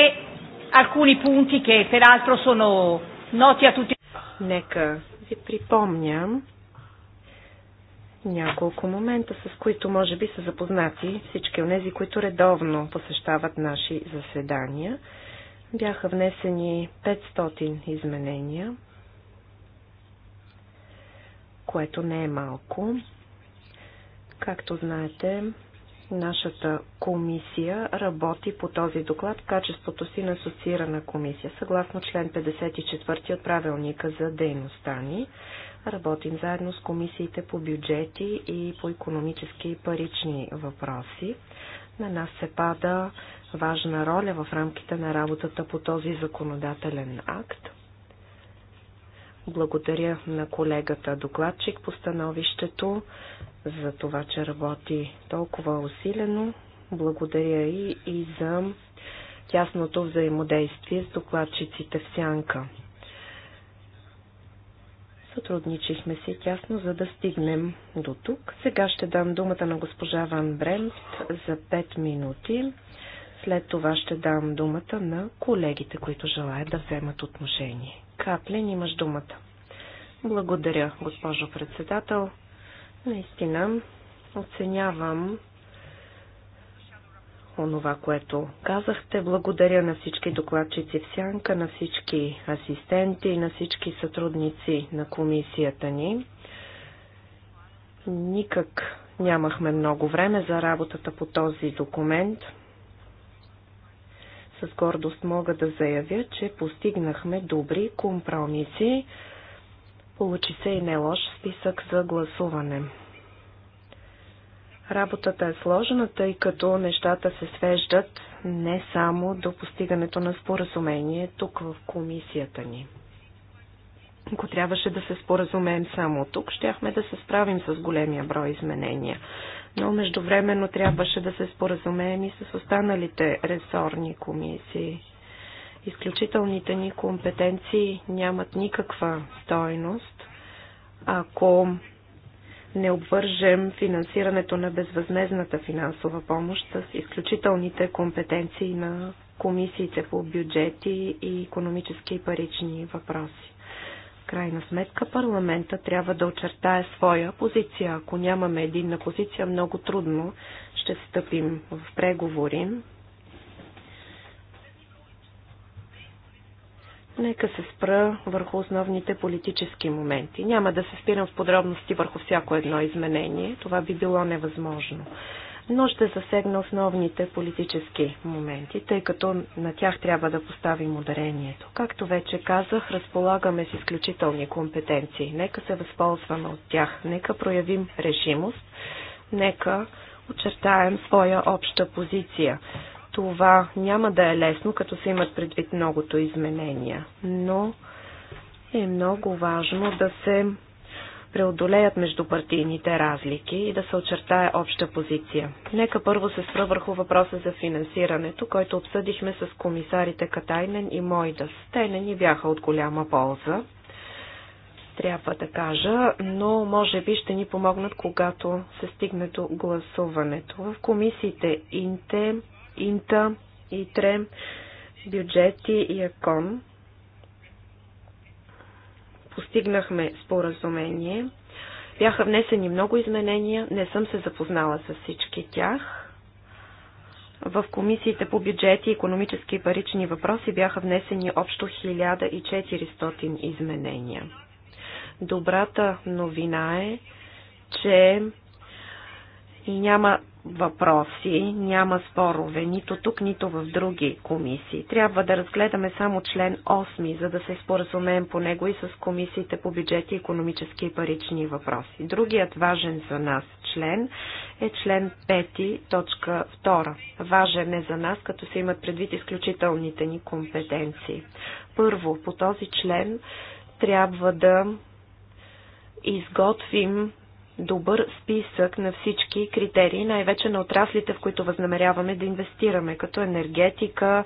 alcuni punti che peraltro sono noti a tutti. Нека ви припомня, няколко
момента, с които може би са запознати всички от тези, които редовно посещават наши заседания. Бяха внесени 500 изменения, което не е малко. Както знаете, Нашата комисия работи по този доклад в качеството си на асоциирана комисия, съгласно член 54 от правилника за дейността ни. Работим заедно с комисиите по бюджети и по економически и парични въпроси. На нас се пада важна роля в рамките на работата по този законодателен акт. Благодаря на колегата докладчик по становището за това, че работи толкова усилено. Благодаря и, и за тясното взаимодействие с докладчиците в Сянка. Сътрудничихме си тясно, за да стигнем до тук. Сега ще дам думата на госпожа Ван Бремст за 5 минути. След това ще дам думата на колегите, които желаят да вземат отношение. Каплен, имаш думата. Благодаря, госпожо председател. Наистина оценявам онова, което казахте. Благодаря на всички докладчици в сянка, на всички асистенти и на всички сътрудници на комисията ни. Никак нямахме много време за работата по този документ. С гордост мога да заявя, че постигнахме добри компромиси. Получи се и не лош списък за гласуване. Работата е сложна, тъй като нещата се свеждат не само до постигането на споразумение тук в комисията ни. Ако трябваше да се споразумеем само тук, щяхме да се справим с големия брой изменения. Но междувременно трябваше да се споразумеем и с останалите ресорни комисии. Изключителните ни компетенции нямат никаква стойност, ако не обвържем финансирането на безвъзмезната финансова помощ с изключителните компетенции на комисиите по бюджети и економически и парични въпроси. В крайна сметка парламента трябва да очертае своя позиция. Ако нямаме единна позиция, много трудно ще стъпим в преговори. Нека се спра върху основните политически моменти. Няма да се спирам в подробности върху всяко едно изменение. Това би било невъзможно. Но ще засегна основните политически моменти, тъй като на тях трябва да поставим ударението. Както вече казах, разполагаме с изключителни компетенции. Нека се възползваме от тях. Нека проявим решимост. Нека очертаем своя обща позиция това няма да е лесно, като се имат предвид многото изменения, но е много важно да се преодолеят междупартийните разлики и да се очертае обща позиция. Нека първо се спра върху въпроса за финансирането, който обсъдихме с комисарите Катайнен и Мойдас. Те не ни бяха от голяма полза, трябва да кажа, но може би ще ни помогнат, когато се стигне до гласуването. В комисиите Инте, Инта, ИТРЕ, бюджети и АКОН. Постигнахме споразумение. Бяха внесени много изменения, не съм се запознала с всички тях. В комисиите по бюджети, економически и парични въпроси бяха внесени общо 1400 изменения. Добрата новина е, че и няма въпроси, няма спорове нито тук, нито в други комисии. Трябва да разгледаме само член 8, за да се споразумеем по него и с комисиите по бюджети, економически и парични въпроси. Другият важен за нас член е член 5, точка 2. Важен е за нас, като се имат предвид изключителните ни компетенции. Първо, по този член трябва да изготвим добър списък на всички критерии, най-вече на отраслите, в които възнамеряваме да инвестираме, като енергетика,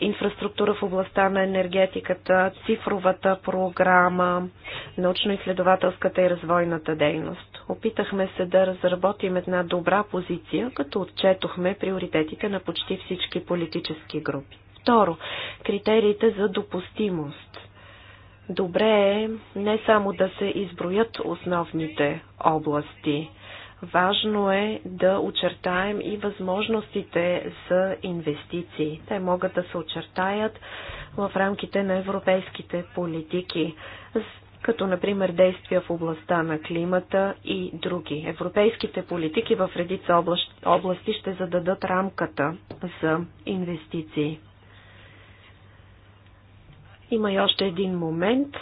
инфраструктура в областта на енергетиката, цифровата програма, научно-изследователската и развойната дейност. Опитахме се да разработим една добра позиция, като отчетохме приоритетите на почти всички политически групи. Второ, критериите за допустимост. Добре е не само да се изброят основните области. Важно е да очертаем и възможностите за инвестиции. Те могат да се очертаят в рамките на европейските политики, като например действия в областта на климата и други. Европейските политики в редица области ще зададат рамката за инвестиции. Има и още един момент,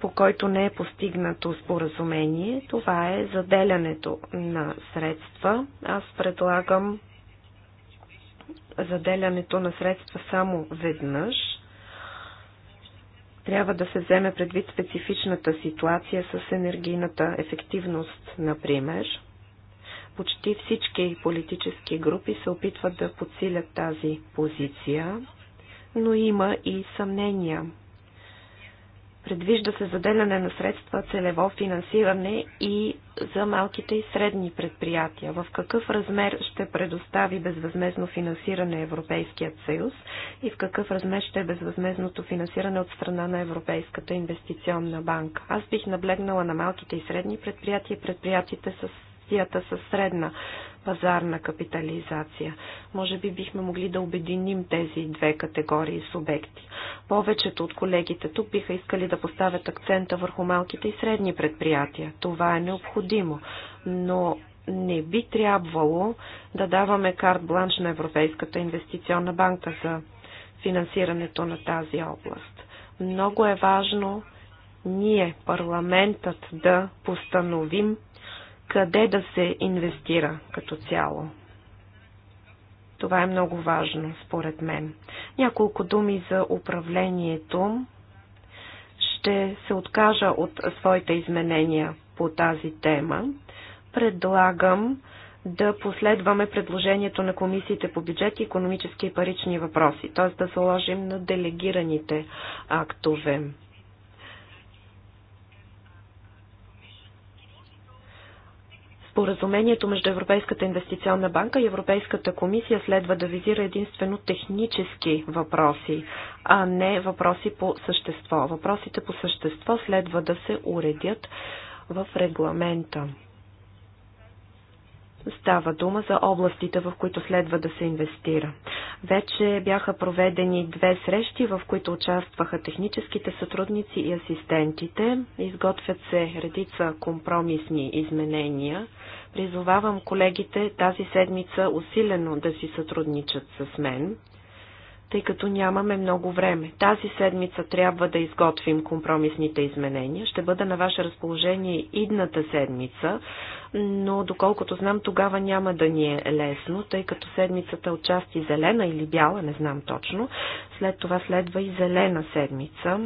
по който не е постигнато споразумение. Това е заделянето на средства. Аз предлагам заделянето на средства само веднъж. Трябва да се вземе предвид специфичната ситуация с енергийната ефективност, например. Почти всички политически групи се опитват да подсилят тази позиция, но има и съмнения Предвижда се заделяне на средства, целево финансиране и за малките и средни предприятия. В какъв размер ще предостави безвъзмезно финансиране Европейският съюз и в какъв размер ще е безвъзмезното финансиране от страна на Европейската инвестиционна банка? Аз бих наблегнала на малките и средни предприятия и с версията със средна пазарна капитализация. Може би бихме могли да обединим тези две категории субекти. Повечето от колегите тук биха искали да поставят акцента върху малките и средни предприятия. Това е необходимо, но не би трябвало да даваме карт бланш на Европейската инвестиционна банка за финансирането на тази област. Много е важно ние, парламентът, да постановим къде да се инвестира като цяло. Това е много важно, според мен. Няколко думи за управлението. Ще се откажа от своите изменения по тази тема. Предлагам да последваме предложението на комисиите по бюджет и економически и парични въпроси, т.е. да заложим на делегираните актове. Споразумението между Европейската инвестиционна банка и Европейската комисия следва да визира единствено технически въпроси, а не въпроси по същество. Въпросите по същество следва да се уредят в регламента. Става дума за областите, в които следва да се инвестира. Вече бяха проведени две срещи, в които участваха техническите сътрудници и асистентите. Изготвят се редица компромисни изменения. Призовавам колегите тази седмица усилено да си сътрудничат с мен тъй като нямаме много време. Тази седмица трябва да изготвим компромисните изменения. Ще бъда на ваше разположение идната седмица, но доколкото знам, тогава няма да ни е лесно, тъй като седмицата е от части зелена или бяла, не знам точно. След това следва и зелена седмица.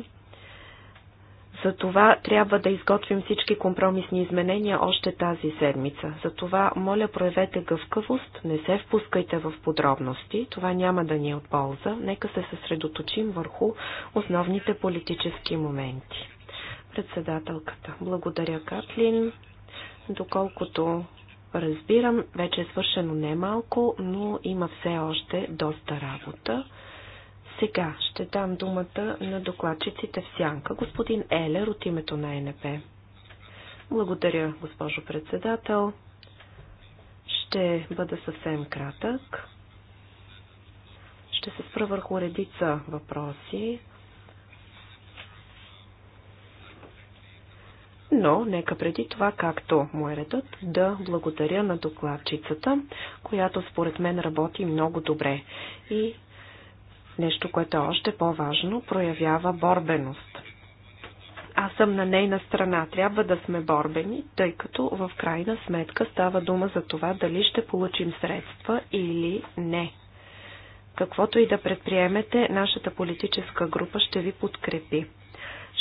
За това трябва да изготвим всички компромисни изменения още тази седмица. За това, моля, проявете гъвкавост, не се впускайте в подробности, това няма да ни е от полза. Нека се съсредоточим върху основните политически моменти. Председателката. Благодаря, Катлин. Доколкото разбирам, вече е свършено немалко, но има все още доста работа. Сега ще дам думата на докладчиците в сянка. Господин Елер от името на НП. Благодаря, госпожо председател. Ще бъда съвсем кратък. Ще се спра върху редица въпроси, Но нека преди това, както му е редът, да благодаря на докладчицата, която според мен работи много добре и Нещо, което е още по-важно, проявява борбеност. Аз съм на нейна страна. Трябва да сме борбени, тъй като в крайна сметка става дума за това дали ще получим средства или не. Каквото и да предприемете, нашата политическа група ще ви подкрепи.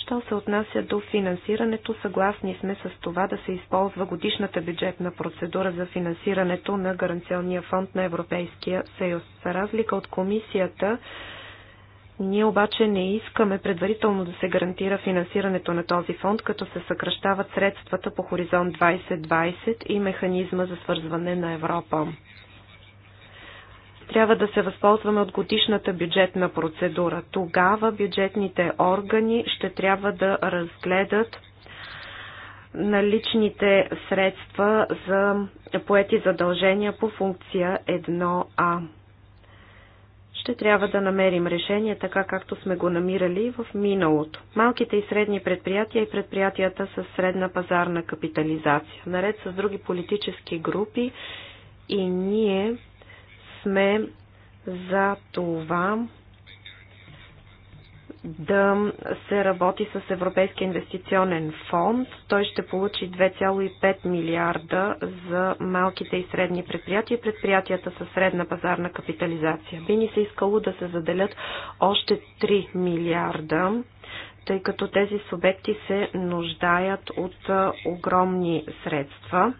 Що се отнася до финансирането, съгласни сме с това да се използва годишната бюджетна процедура за финансирането на Гаранционния фонд на Европейския съюз. За разлика от комисията, ние обаче не искаме предварително да се гарантира финансирането на този фонд, като се съкръщават средствата по Хоризонт 2020 и механизма за свързване на Европа трябва да се възползваме от годишната бюджетна процедура. Тогава бюджетните органи ще трябва да разгледат наличните средства за поети задължения по функция 1А. Ще трябва да намерим решение, така както сме го намирали в миналото. Малките и средни предприятия и предприятията с средна пазарна капитализация. Наред с други политически групи и ние сме за това да се работи с Европейския инвестиционен фонд. Той ще получи 2,5 милиарда за малките и средни предприятия, предприятията със средна пазарна капитализация. Би ни се искало да се заделят още 3 милиарда, тъй като тези субекти се нуждаят от огромни средства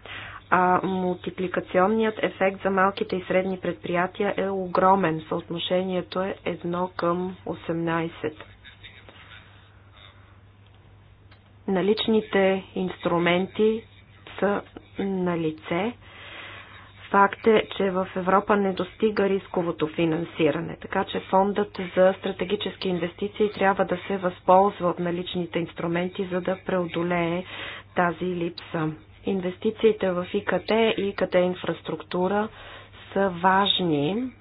а мултипликационният ефект за малките и средни предприятия е огромен. Съотношението е 1 към 18. Наличните инструменти са на лице. Факт е, че в Европа не достига рисковото финансиране, така че фондът за стратегически инвестиции трябва да се възползва от наличните инструменти, за да преодолее тази липса. Инвестициите в ИКТ и ИКТ инфраструктура са важни.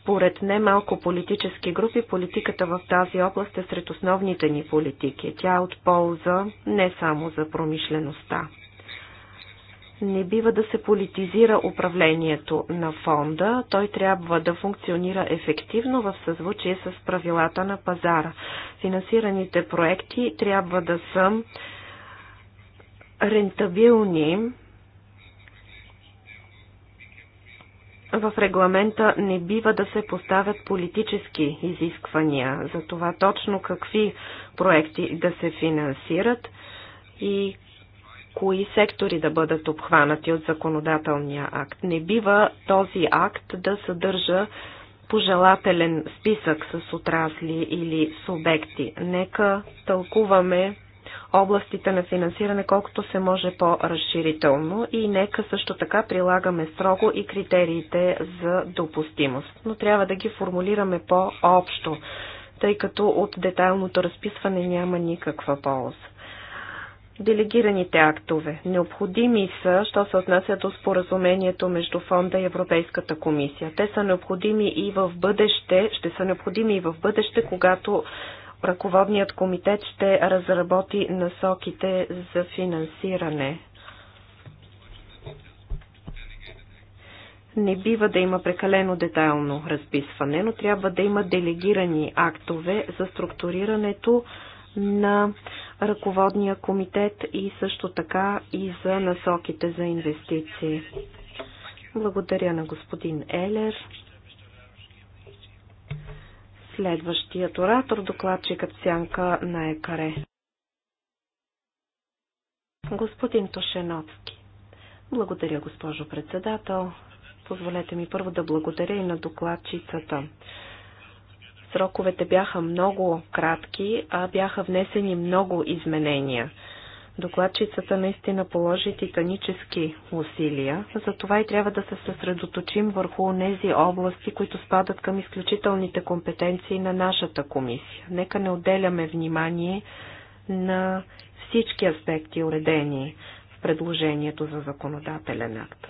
Според немалко политически групи, политиката в тази област е сред основните ни политики. Тя е от полза не само за промишлеността. Не бива да се политизира управлението на фонда. Той трябва да функционира ефективно в съзвучие с правилата на пазара. Финансираните проекти трябва да са рентабилни. В регламента не бива да се поставят политически изисквания за това точно какви проекти да се финансират и кои сектори да бъдат обхванати от законодателния акт. Не бива този акт да съдържа пожелателен списък с отрасли или субекти. Нека тълкуваме областите на финансиране колкото се може по-разширително и нека също така прилагаме строго и критериите за допустимост. Но трябва да ги формулираме по-общо, тъй като от детайлното разписване няма никаква полза делегираните актове. Необходими са, що се отнася до споразумението между фонда и Европейската комисия. Те са необходими и в бъдеще, ще са необходими и в бъдеще, когато ръководният комитет ще разработи насоките за финансиране. Не бива да има прекалено детайлно разписване, но трябва да има делегирани актове за структурирането на ръководния комитет и също така и за насоките за инвестиции. Благодаря на господин Елер. Следващият оратор, докладчикът Сянка на Екаре. Господин Тошеновски. Благодаря, госпожо председател. Позволете ми първо да благодаря и на докладчицата. Сроковете бяха много кратки, а бяха внесени много изменения. Докладчицата наистина положи титанически усилия, затова и трябва да се съсредоточим върху тези области, които спадат към изключителните компетенции на нашата комисия. Нека не отделяме внимание на всички аспекти, уредени в предложението за законодателен акт.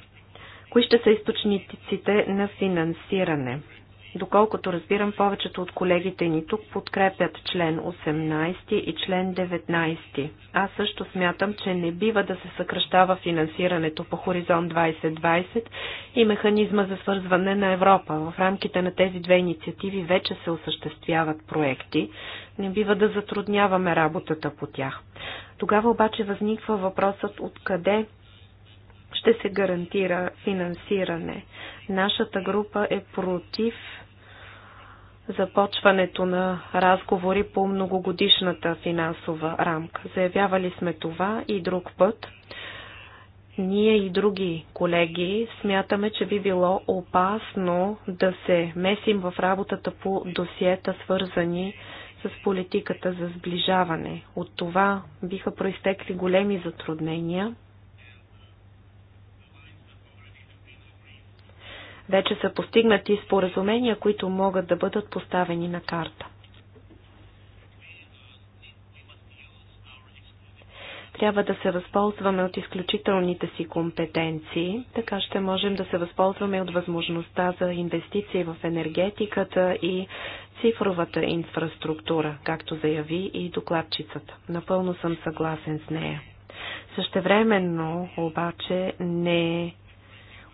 Кои ще са източниците на финансиране? Доколкото разбирам, повечето от колегите ни тук подкрепят член 18 и член 19. Аз също смятам, че не бива да се съкръщава финансирането по Хоризонт 2020 и механизма за свързване на Европа. В рамките на тези две инициативи вече се осъществяват проекти. Не бива да затрудняваме работата по тях. Тогава обаче възниква въпросът откъде ще се гарантира финансиране. Нашата група е против започването на разговори по многогодишната финансова рамка. Заявявали сме това и друг път. Ние и други колеги смятаме, че би било опасно да се месим в работата по досиета, свързани с политиката за сближаване. От това биха проистекли големи затруднения – вече са постигнати споразумения, които могат да бъдат поставени на карта. трябва да се възползваме от изключителните си компетенции, така ще можем да се възползваме от възможността за инвестиции в енергетиката и цифровата инфраструктура, както заяви и докладчицата. Напълно съм съгласен с нея. Същевременно обаче не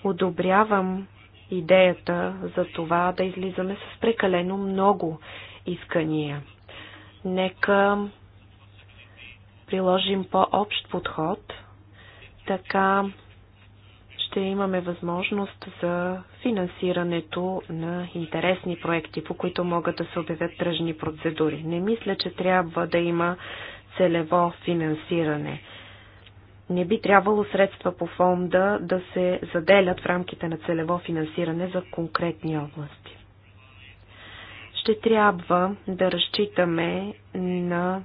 одобрявам идеята за това да излизаме с прекалено много искания. Нека приложим по-общ подход, така ще имаме възможност за финансирането на интересни проекти, по които могат да се обявят тръжни процедури. Не мисля, че трябва да има целево финансиране не би трябвало средства по фонда да се заделят в рамките на целево финансиране за конкретни области. Ще трябва да разчитаме на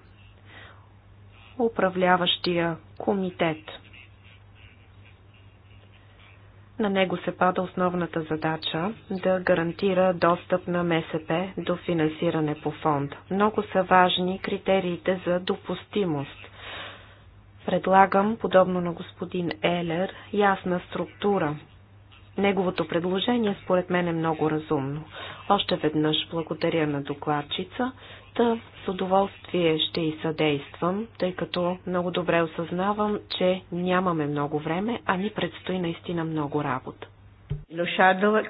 управляващия комитет. На него се пада основната задача да гарантира достъп на МСП до финансиране по фонд. Много са важни критериите за допустимост – Предлагам, подобно на господин Елер, ясна структура. Неговото предложение според мен е много разумно. Още веднъж благодаря на докладчица, та с удоволствие ще и съдействам, тъй като много добре осъзнавам, че нямаме много
време, а ни предстои наистина много работа.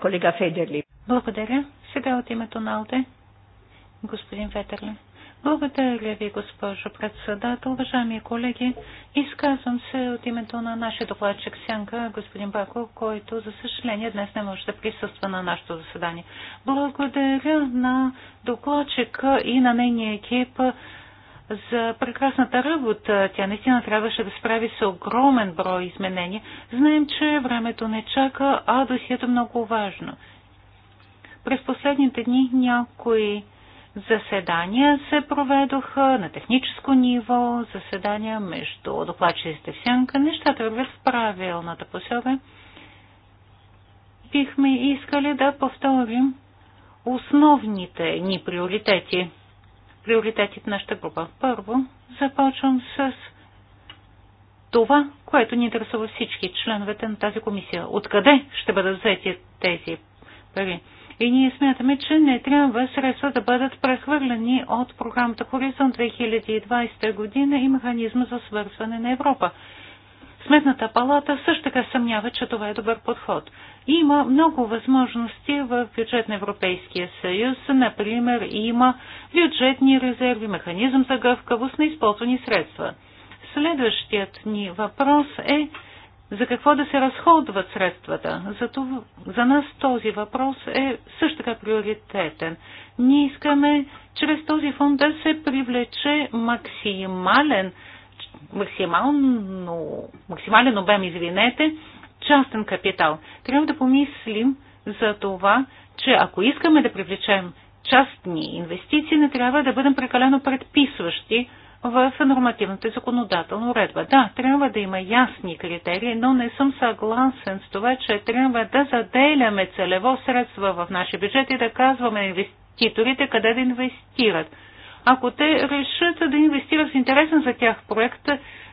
колега Федерли. Благодаря. Сега от името на Алде, господин Федерли. Благодаря ви, госпожо председател. Уважаеми колеги, изказвам се от името на нашия докладчик Сянка, господин Баков, който, за съжаление, днес не може да присъства на нашето заседание. Благодаря на докладчика и на нейния екип за прекрасната работа. Тя наистина трябваше да справи с огромен брой изменения. Знаем, че времето не чака, а досието е много важно. През последните дни някои Заседания се проведоха на техническо ниво, заседания между докладчиците в сянка. Нещата вървят в правилната посока. Бихме искали да повторим основните ни приоритети. Приоритетите на нашата група. Първо, започвам с това, което ни интересува всички членовете на тази комисия. Откъде ще бъдат взети тези пари? И ние смятаме, че не трябва средства да бъдат прехвърлени от програмата Хоризонт 2020 година и механизма за свързване на Европа. Сметната палата също така съмнява, че това е добър подход. Има много възможности в бюджет на Европейския съюз. Например, има бюджетни резерви, механизъм за гъвкавост на използвани средства. Следващият ни въпрос е за какво да се разходват средствата. За, това, за нас този въпрос е също така приоритетен. Ние искаме чрез този фонд да се привлече максимален, максимално, максимален обем, извинете, частен капитал. Трябва да помислим за това, че ако искаме да привлечем частни инвестиции, не трябва да бъдем прекалено предписващи, в нормативната законодателна уредба. Да, трябва да има ясни критерии, но не съм съгласен с това, че трябва да заделяме целево средства в нашия бюджет и да казваме инвеститорите къде да инвестират. Ако те решат да инвестират с интересен за тях проект,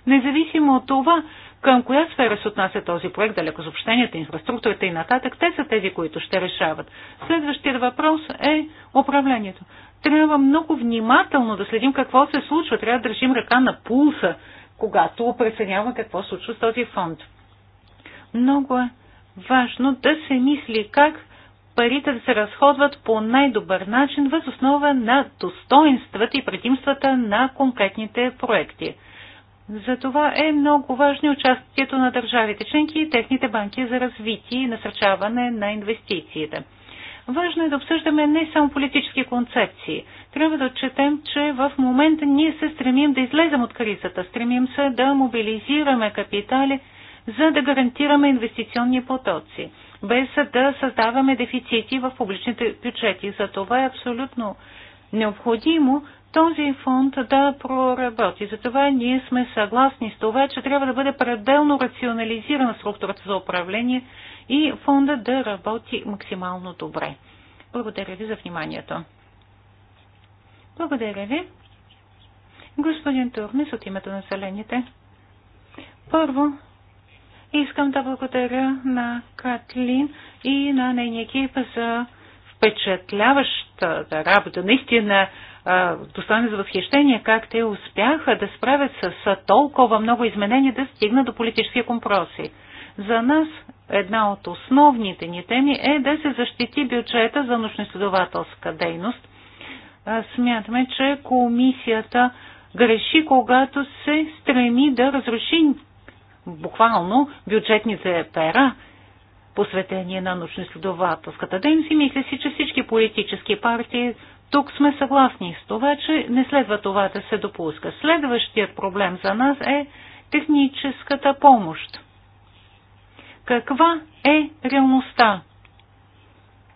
независимо от това към коя сфера се отнася този проект, далеко съобщенията, инфраструктурата и нататък, те са тези, които ще решават. Следващият въпрос е управлението трябва много внимателно да следим какво се случва. Трябва да държим ръка на пулса, когато преценяваме какво се случва с този фонд. Много е важно да се мисли как парите да се разходват по най-добър начин въз основа на достоинствата и предимствата на конкретните проекти. Затова е много важно участието на държавите членки и техните банки за развитие и насърчаване на инвестициите. Важно е да обсъждаме не само политически концепции. Трябва да отчетем, че в момента ние се стремим да излезем от кризата, стремим се да мобилизираме капитали, за да гарантираме инвестиционни потоци, без да създаваме дефицити в публичните бюджети. За това е абсолютно необходимо този фонд да проработи. Затова ние сме съгласни с това, че трябва да бъде пределно рационализирана структурата за управление и фонда да работи максимално добре. Благодаря ви за вниманието. Благодаря ви. Господин Турмис от името на Зелените. Първо, искам да благодаря на Катлин и на нейния екип за впечатляващата работа. Наистина достойно за възхищение как те успяха да справят с, толкова много изменения да стигнат до политически компроси. За нас една от основните ни теми е да се защити бюджета за научно-изследователска дейност. Смятаме, че комисията греши, когато се стреми да разруши буквално бюджетните пера, посветени на научно-изследователската дейност и мисля си, че всички политически партии тук сме съгласни с това, че не следва това да се допуска. Следващият проблем за нас е техническата помощ. Каква е реалността?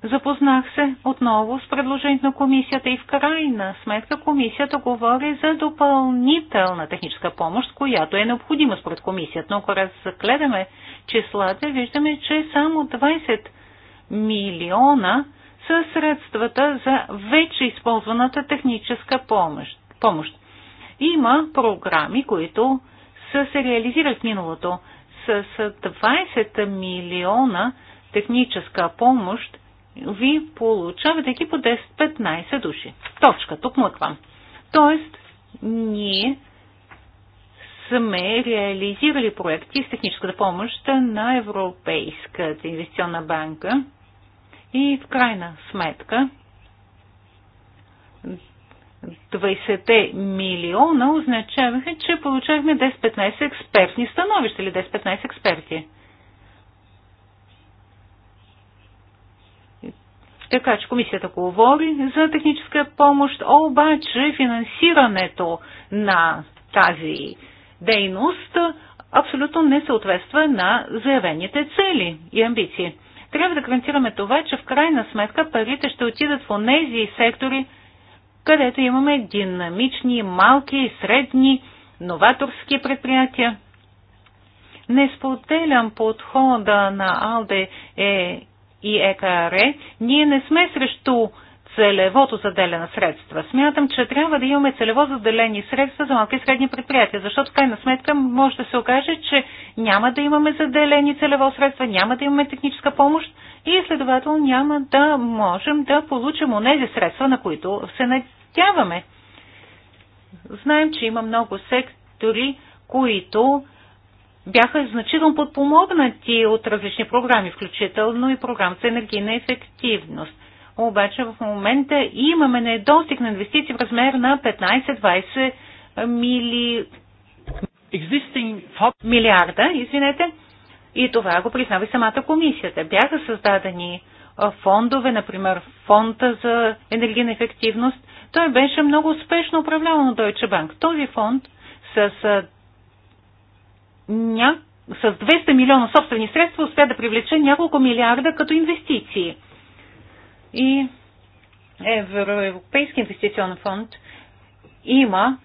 Запознах се отново с предложението на комисията и в крайна сметка комисията говори за допълнителна техническа помощ, която е необходима според комисията. Но ако разгледаме числата, виждаме, че само 20 милиона са средствата за вече използваната техническа помощ. помощ. Има програми, които са се реализират в миналото с 20 милиона техническа помощ ви получавате ги по 10-15 души. Точка, тук мъквам. Тоест, ние сме реализирали проекти с техническата помощ на Европейската инвестиционна банка и в крайна сметка 20 милиона означаваха, че получавахме 10-15 експертни становища или 10-15 експерти. Така че комисията говори за техническа помощ, обаче финансирането на тази дейност абсолютно не съответства на заявените цели и амбиции. Трябва да гарантираме това, че в крайна сметка парите ще отидат в онези сектори, където имаме динамични, малки и средни новаторски предприятия. Не споделям подхода на АЛДЕ е и ЕКРЕ. Ние не сме срещу целевото заделяне на средства. Смятам, че трябва да имаме целево заделени средства за малки и средни предприятия, защото в крайна сметка може да се окаже, че няма да имаме заделени целево средства, няма да имаме техническа помощ и следователно няма да можем да получим онези средства, на които се надяваме. Знаем, че има много сектори, които бяха значително подпомогнати от различни програми, включително и програм за енергийна ефективност. Обаче в момента имаме недостиг на инвестиции в размер на 15-20 мили... Existing... милиарда. Извинете. И това го признава и самата комисията. Бяха създадени фондове, например фонда за енергийна ефективност. Той беше много успешно управляван от Deutsche Bank. Този фонд с, ня... с 200 милиона собствени средства успя да привлече няколко милиарда като инвестиции и Европейски инвестиционен фонд има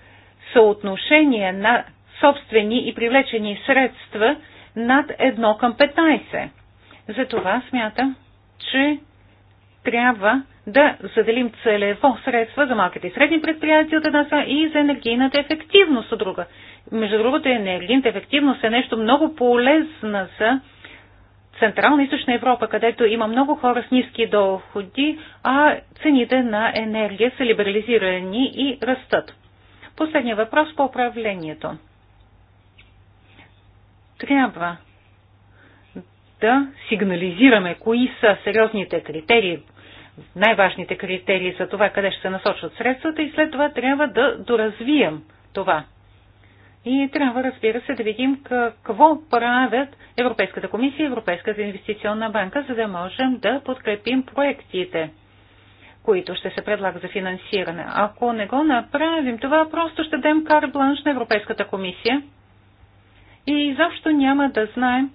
съотношение на собствени и привлечени средства над 1 към 15. Затова смятам, че трябва да заделим целево средства за малките и средни предприятия от една страна и за енергийната ефективност от друга. Между другото, енергийната ефективност е нещо много полезна за Централна и Източна Европа, където има много хора с ниски доходи, а цените на енергия са либерализирани и растат. Последният въпрос по управлението. Трябва да сигнализираме кои са сериозните критерии, най-важните критерии за това къде ще се насочват средствата и след това трябва да доразвием това. И трябва, разбира се, да видим какво правят Европейската комисия и Европейската инвестиционна банка, за да можем да подкрепим проектите, които ще се предлагат за финансиране. Ако не го направим, това просто ще дадем карбланш на Европейската комисия и изобщо няма да знаем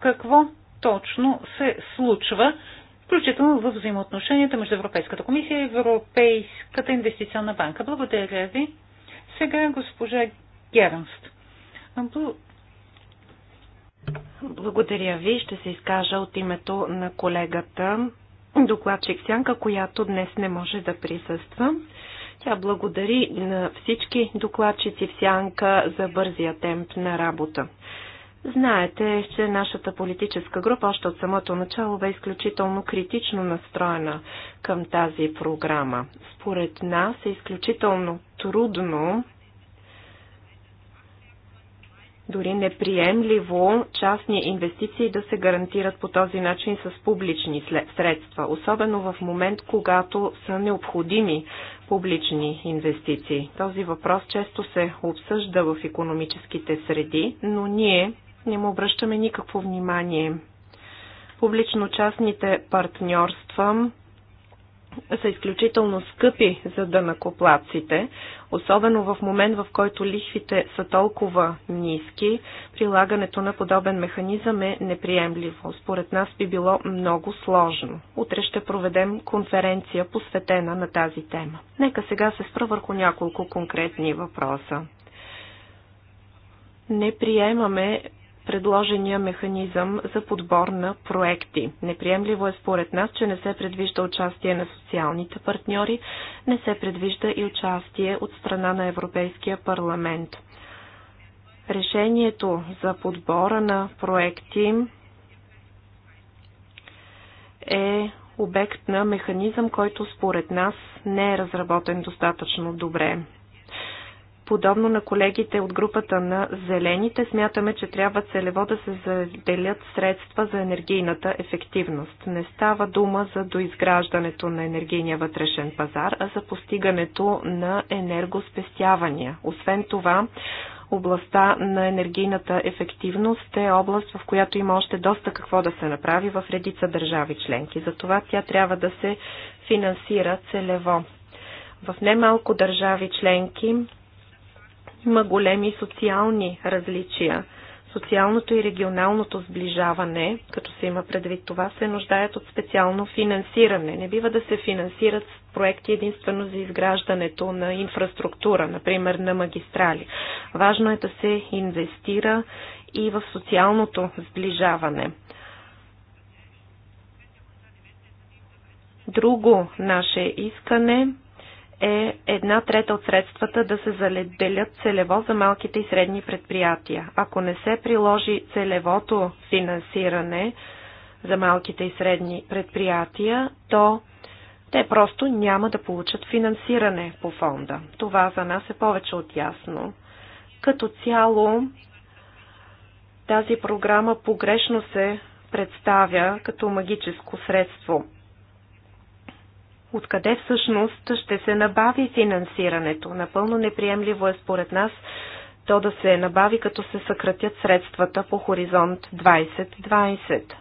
какво точно се случва, включително в взаимоотношенията между Европейската комисия и Европейската инвестиционна банка. Благодаря ви. Сега госпожа Гернст.
Благодаря ви. Ще се изкажа от името на колегата докладчик Сянка, която днес не може да присъства. Тя благодари на всички докладчици в Сянка за бързия темп на работа. Знаете, че нашата политическа група още от самото начало бе изключително критично настроена към тази програма. Според нас е изключително трудно дори неприемливо частни инвестиции да се гарантират по този начин с публични средства, особено в момент, когато са необходими публични инвестиции. Този въпрос често се обсъжда в економическите среди, но ние не му обръщаме никакво внимание. Публично-частните партньорства са изключително скъпи за дънакоплаците, особено в момент в който лихвите са толкова ниски, прилагането на подобен механизъм е неприемливо. Според нас би било много сложно. Утре ще проведем конференция посветена на тази тема. Нека сега се спра върху няколко конкретни въпроса. Не приемаме предложения механизъм за подбор на проекти. Неприемливо е според нас, че не се предвижда участие на социалните партньори, не се предвижда и участие от страна на Европейския парламент. Решението за подбора на проекти е обект на механизъм, който според нас не е разработен достатъчно добре. Подобно на колегите от групата на зелените, смятаме, че трябва целево да се заделят средства за енергийната ефективност. Не става дума за доизграждането на енергийния вътрешен пазар, а за постигането на енергоспестявания. Освен това, областта на енергийната ефективност е област, в която има още доста какво да се направи в редица държави членки. Затова тя трябва да се финансира целево. В немалко държави членки има големи социални различия. Социалното и регионалното сближаване, като се има предвид това, се нуждаят от специално финансиране. Не бива да се финансират проекти единствено за изграждането на инфраструктура, например на магистрали. Важно е да се инвестира и в социалното сближаване. Друго наше искане е една трета от средствата да се заделят целево за малките и средни предприятия. Ако не се приложи целевото финансиране за малките и средни предприятия, то те просто няма да получат финансиране по фонда. Това за нас е повече от ясно. Като цяло тази програма погрешно се представя като магическо средство Откъде всъщност ще се набави финансирането? Напълно неприемливо е според нас то да се набави, като се съкратят средствата по хоризонт 2020.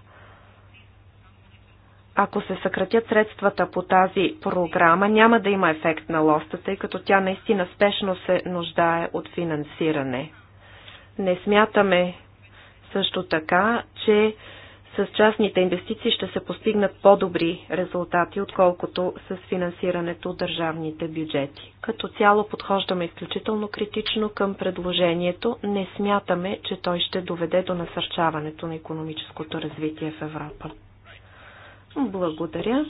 Ако се съкратят средствата по тази програма, няма да има ефект на лоста, тъй като тя наистина спешно се нуждае от финансиране. Не смятаме също така, че с частните инвестиции ще се постигнат по-добри резултати, отколкото с финансирането от държавните бюджети. Като цяло подхождаме изключително критично към предложението. Не смятаме, че той ще доведе до насърчаването на
економическото развитие в Европа. Благодаря.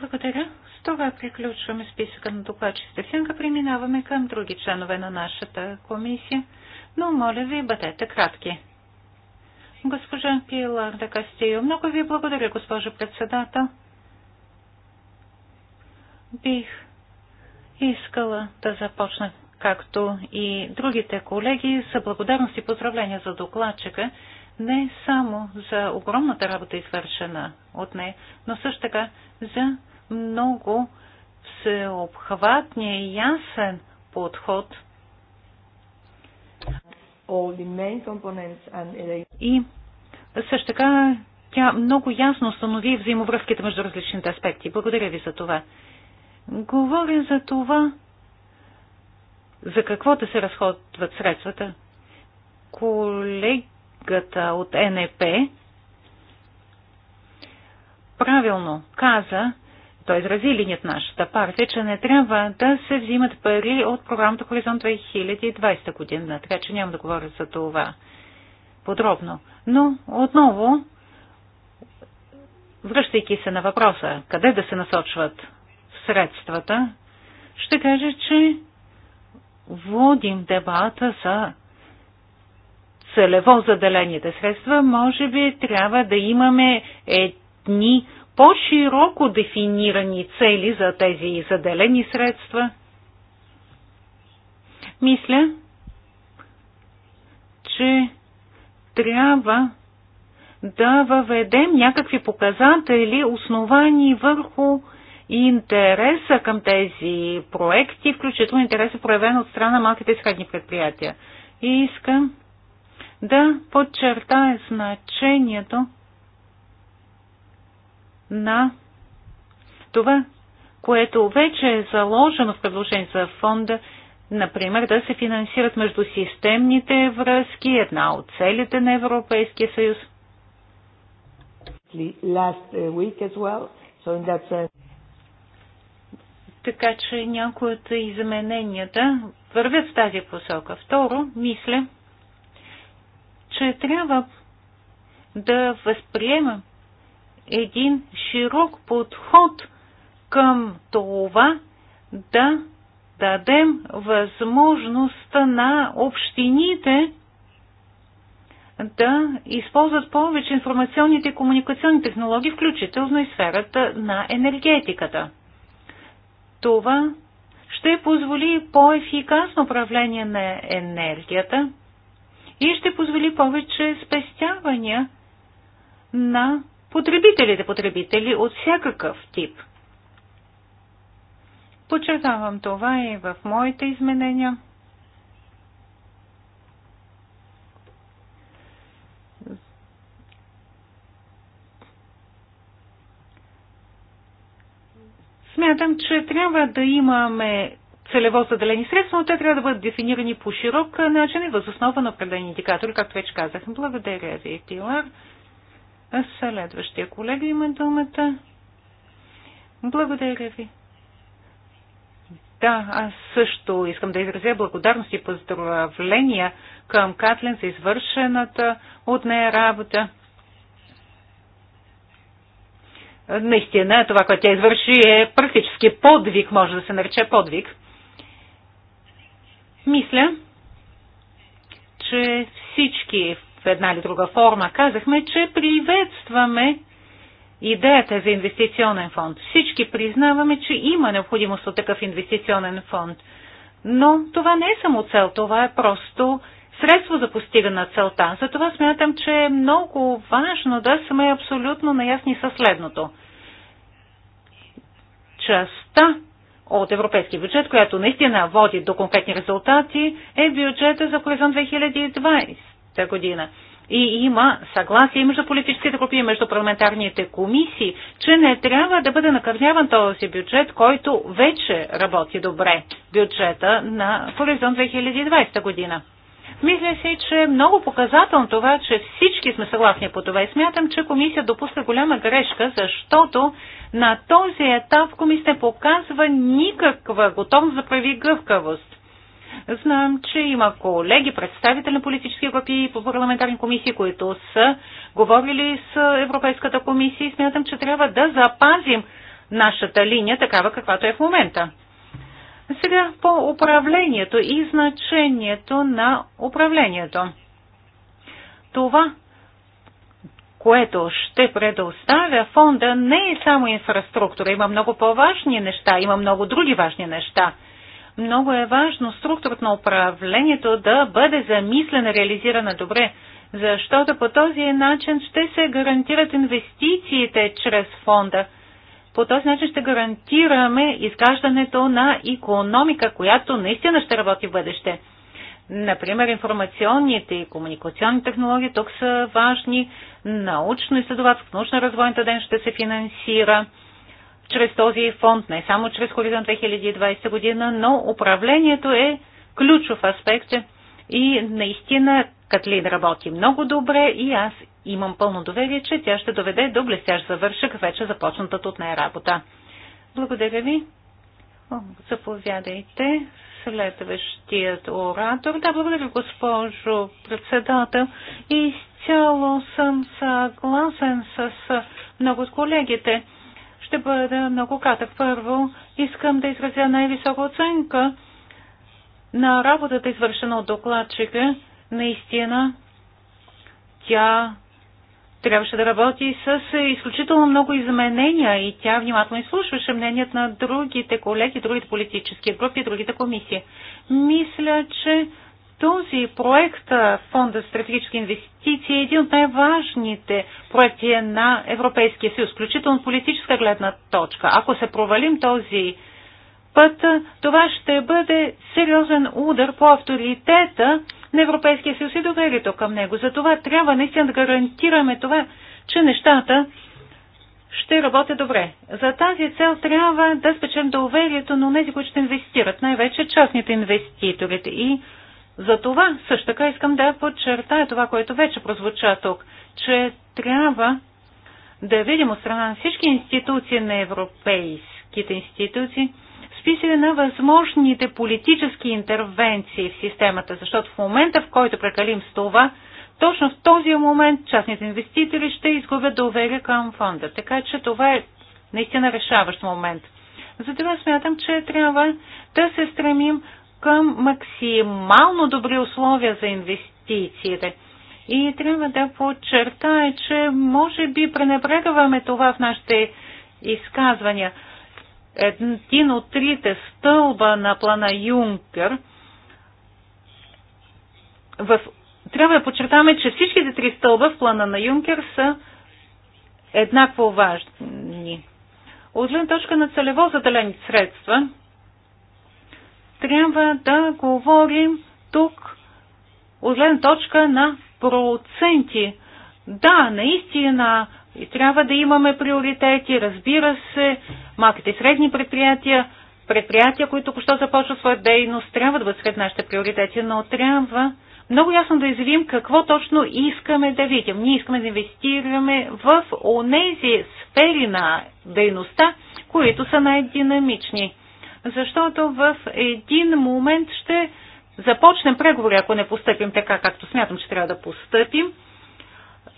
Благодаря. С това приключваме списъка на докладчиците. Сенка преминаваме към други членове на нашата комисия, но моля ви, бъдете кратки. Госпожа Пилар да Кастио, много ви благодаря, госпожа председател. Бих искала да започна, както и другите колеги, с благодарност и поздравления за докладчика, не само за огромната работа, извършена от нея, но също така за много всеобхватния и ясен подход – и също така тя много ясно установи взаимовръзките между различните аспекти. Благодаря ви за това. Говоря за това, за какво да се разходват средствата. Колегата от НЕП правилно каза, той изрази линият нашата партия, че не трябва да се взимат пари от програмата Хоризонт 2020 година, така че няма да говоря за това подробно. Но отново, връщайки се на въпроса къде да се насочват средствата, ще кажа, че водим дебата за целево заделените средства. Може би трябва да имаме едни по-широко дефинирани цели за тези заделени средства. Мисля, че трябва да въведем някакви показатели, основани върху интереса към тези проекти, включително интереса проявен от страна на малките и средни предприятия. И искам да подчертая значението на това, което вече е заложено в предложение за фонда Например, да се финансират между системните връзки, една от целите на Европейския съюз. Uh, well. So така че някои от измененията вървят в тази посока. Второ, мисля, че трябва да възприемам един широк подход към това да дадем възможността на общините да използват повече информационните и комуникационни технологии, включително и сферата на енергетиката. Това ще позволи по-ефикасно управление на енергията и ще позволи повече спестявания на потребителите, потребители от всякакъв тип – Подчертавам това и в моите изменения. Смятам, че трябва да имаме целево заделени средства, но те трябва да бъдат дефинирани по широк начин и възоснова на определени индикатори, както вече казах. Благодаря ви, Пилар. Следващия колега има думата. Благодаря ви. Да, аз също искам да изразя благодарност и поздравления към Катлин за извършената от нея работа. Наистина, това, което тя извърши е практически подвиг, може да се нарече подвиг. Мисля, че всички в една или друга форма казахме, че приветстваме идеята е за инвестиционен фонд. Всички признаваме, че има необходимост от такъв инвестиционен фонд. Но това не е само цел, това е просто средство за постигане на целта. Затова смятам, че е много важно да сме абсолютно наясни със следното. Частта от европейски бюджет, която наистина води до конкретни резултати, е бюджета за Хоризонт 2020 година и има съгласие между политическите групи и между парламентарните комисии, че не трябва да бъде накърняван този бюджет, който вече работи добре, бюджета на Хоризонт 2020 година. Мисля си, че е много показателно това, че всички сме съгласни по това и смятам, че комисия допуска голяма грешка, защото на този етап комисията показва никаква готовност да прави гъвкавост. Знам, че има колеги, представители на политически групи и по парламентарни комисии, които са говорили с Европейската комисия и смятам, че трябва да запазим нашата линия такава, каквато е в момента. Сега по управлението и значението на управлението. Това, което ще предоставя фонда, не е само инфраструктура. Има много по-важни неща, има много други важни неща – много е важно структурата на управлението да бъде замислена, реализирана добре, защото по този начин ще се гарантират инвестициите чрез фонда. По този начин ще гарантираме изграждането на економика, която наистина ще работи в бъдеще. Например, информационните и комуникационни технологии тук са важни. Научно-изследователска, научно-развойната ден ще се финансира чрез този фонд, не само чрез Хоризонт 2020 година, но управлението е ключов аспект и наистина Катлин работи много добре и аз имам пълно доверие, че тя ще доведе до блестящ завършък вече започнатата от нея работа. Благодаря ви. заповядайте. Следващият оратор. Да, благодаря, госпожо председател. Изцяло съм съгласен с много от колегите. Ще бъда много кратък. Първо, искам да изразя най-висока оценка на работата, извършена от докладчика. Наистина, тя трябваше да работи с изключително много изменения и тя внимателно изслушваше мнението на другите колеги, другите политически групи, другите комисии. Мисля, че този проект, Фонда за стратегически инвестиции, е един от най-важните проекти на Европейския съюз, включително политическа гледна точка. Ако се провалим този път, това ще бъде сериозен удар по авторитета на Европейския съюз и доверието към него. Затова трябва наистина да гарантираме това, че нещата ще работят добре. За тази цел трябва да спечем доверието на тези, които ще инвестират, най-вече частните инвеститорите. И за това също така искам да подчертая това, което вече прозвуча тук, че трябва да видим от страна на всички институции на европейските институции списъка на възможните политически интервенции в системата, защото в момента, в който прекалим с това, точно в този момент частните инвеститори ще изгубят доверие към фонда. Така че това е наистина решаващ момент. Затова смятам, че трябва да се стремим към максимално добри условия за инвестициите. И трябва да подчертая, че може би пренебрегваме това в нашите изказвания. Един от трите стълба на плана Юнкер в... трябва да подчертаваме, че всичките три стълба в плана на Юнкер са еднакво важни. От точка на целево заделени средства, трябва да говорим тук от гледна точка на проценти. Да, наистина трябва да имаме приоритети, разбира се, малките и средни предприятия, предприятия, които кощо започват своя дейност, трябва да бъдат сред нашите приоритети, но трябва много ясно да изявим какво точно искаме да видим. Ние искаме да инвестираме в онези сфери на дейността, които са най-динамични защото в един момент ще започнем преговори, ако не постъпим така, както смятам, че трябва да постъпим.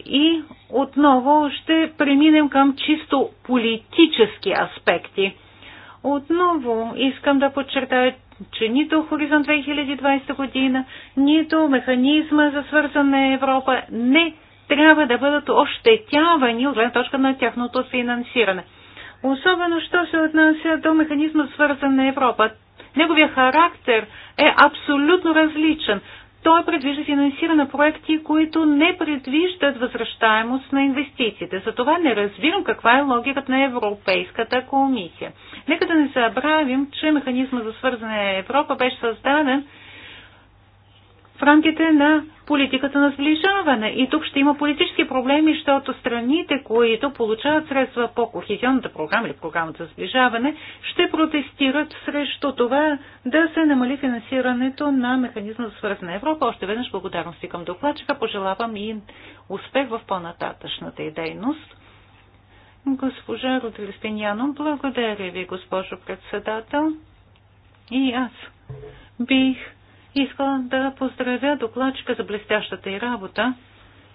И отново ще преминем към чисто политически аспекти. Отново искам да подчертая, че нито Хоризонт 2020 година, нито механизма за свързане Европа не трябва да бъдат ощетявани от гледна точка на тяхното финансиране – особено що се отнася до механизма свързан на Европа. Неговия характер е абсолютно различен. Той предвижда финансиране на проекти, които не предвиждат възвръщаемост на инвестициите. За това не разбирам каква е логиката на Европейската комисия. Нека да не забравим, че механизма за свързане на Европа беше създаден в рамките на политиката на сближаване. И тук ще има политически проблеми, защото страните, които получават средства по кохезионната програма или програмата за сближаване, ще протестират срещу това да се намали финансирането на механизма за свързана Европа. Още веднъж благодарности към докладчика. Пожелавам и успех в по-нататъчната и дейност. Госпожа Родрилстиняно, благодаря ви, госпожо председател. И аз бих Искам да поздравя докладчика за блестящата й работа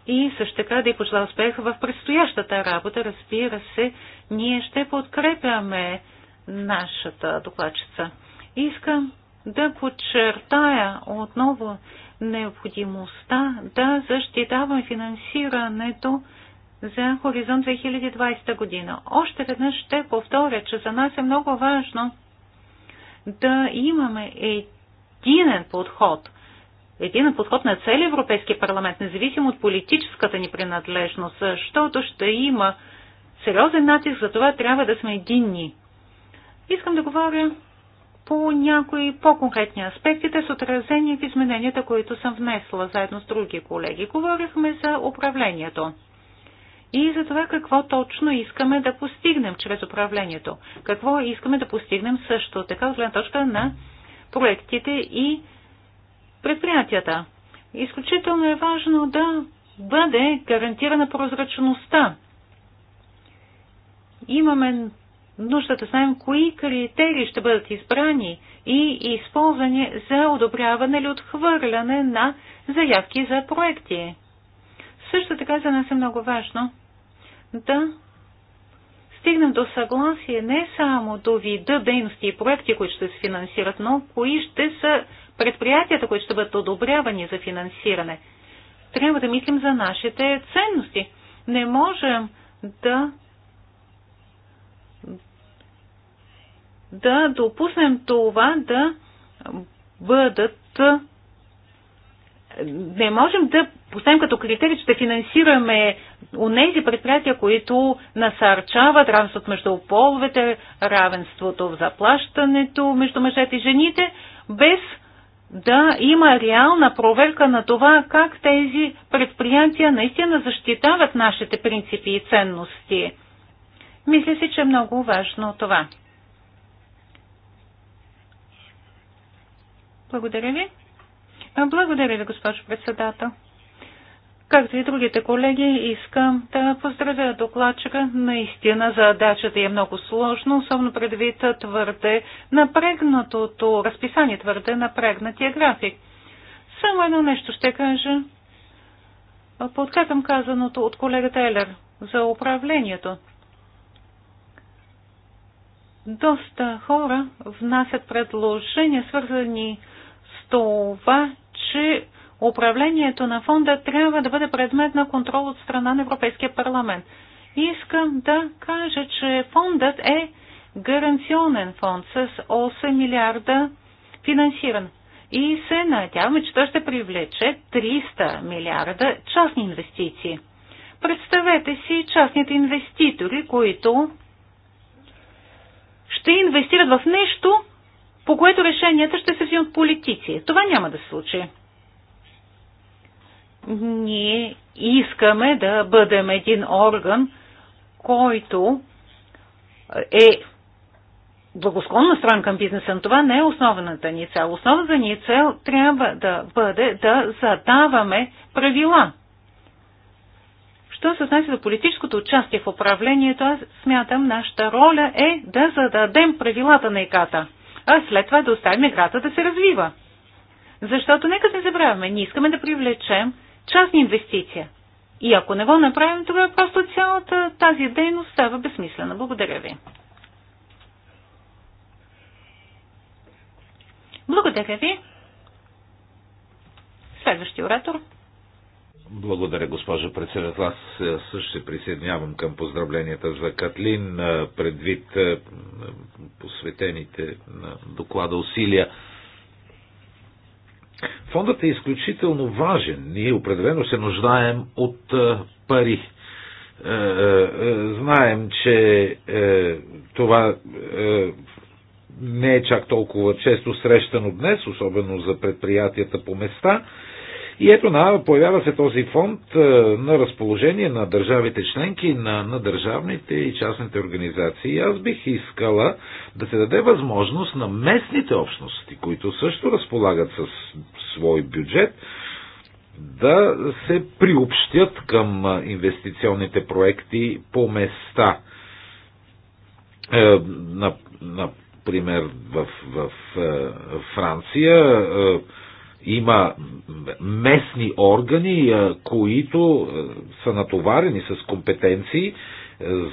и също така да й пожела успех в предстоящата работа. Разбира се, ние ще подкрепяме нашата докладчица. Искам да подчертая отново необходимостта да защитавам финансирането за Хоризонт 2020 година. Още веднъж ще повторя, че за нас е много важно да имаме единен подход. Един подход на целия Европейския парламент, независимо от политическата ни принадлежност, защото ще има сериозен натиск, за това трябва да сме единни. Искам да говоря по някои по-конкретни аспекти. Те са отразени в измененията, които съм внесла заедно с други колеги. Говорихме за управлението и за това какво точно искаме да постигнем чрез управлението. Какво искаме да постигнем също така от гледна точка на проектите и предприятията. Изключително е важно да бъде гарантирана прозрачността. Имаме нужда да знаем кои критерии ще бъдат избрани и използвани за одобряване или отхвърляне на заявки за проекти. Също така за нас е много важно да стигнем до съгласие не само до вида дейности и проекти, които ще се финансират, но кои ще са предприятията, които ще бъдат одобрявани за финансиране. Трябва да мислим за нашите ценности. Не можем да да допуснем това да бъдат не можем да поставим като критерий, ще финансираме у нези предприятия, които насърчават равенството между половете, равенството в заплащането между мъжете и жените, без да има реална проверка на това как тези предприятия наистина защитават нашите принципи и ценности. Мисля си, че е много важно това. Благодаря ви. Благодаря ви, госпожо председател. Както и другите колеги, искам да поздравя докладчика. Наистина задачата е много сложна, особено предвид твърде напрегнатото разписание, твърде напрегнатия график. Само едно нещо ще кажа. Подкрепям казаното от колегата Елер за управлението. Доста хора внасят предложения, свързани с това, че управлението на фонда трябва да бъде предмет на контрол от страна на Европейския парламент. Искам да кажа, че фондът е гаранционен фонд с 8 милиарда финансиран. И се надяваме, че той ще привлече 300 милиарда частни инвестиции. Представете си частните инвеститори, които ще инвестират в нещо, по което решенията ще се взимат политици. Това няма да се случи ние искаме да бъдем един орган, който е благосклонна страна към бизнеса, но това не е основната ни цел. Основната ни цел трябва да бъде да задаваме правила. Що се отнася до политическото участие в управлението, аз смятам, нашата роля е да зададем правилата на играта, а след това да оставим играта да се развива. Защото нека не забравяме, ние искаме да привлечем частна инвестиция. И ако не го направим, тогава просто цялата тази дейност става безсмислена. Благодаря ви. Благодаря ви. Следващия оратор.
Благодаря, госпожо председател. Аз е, също се присъединявам към поздравленията за Катлин, е, предвид е, посветените на доклада усилия. Фондът е изключително важен. Ние определено се нуждаем от е, пари. Е, е, знаем, че това не е чак толкова често срещано днес, особено за предприятията по места, и ето на, появява се този фонд е, на разположение на държавите членки, на, на държавните и частните организации. И аз бих искала да се даде възможност на местните общности, които също разполагат с свой бюджет, да се приобщят към е, инвестиционните проекти по места. Е, на, например, в, в, в е, Франция има местни органи, които са натоварени с компетенции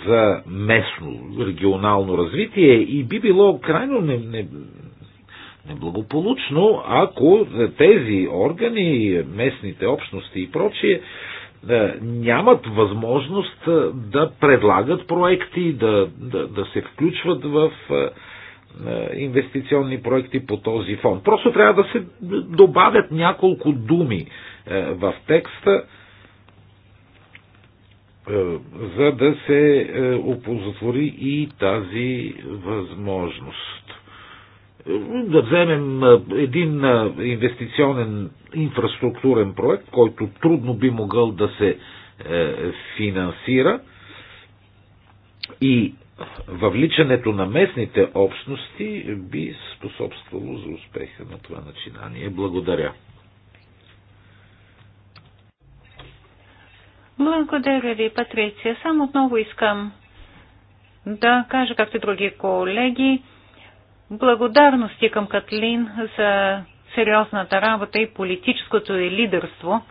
за местно, регионално развитие и би било крайно не, не, неблагополучно, ако тези органи, местните общности и прочие, нямат възможност да предлагат проекти, да, да, да се включват в е, инвестиционни проекти по този фонд. Просто трябва да се добавят няколко думи е, в текста, е, за да се опозотвори и тази възможност. Да вземем един инвестиционен инфраструктурен проект, който трудно би могъл да се финансира и въвличането на местните общности би способствало за успеха на това начинание. Благодаря.
Благодаря ви, Патриция. Само отново искам да кажа, както и други колеги, благодарности към Катлин за сериозната работа и политическото и лидерство.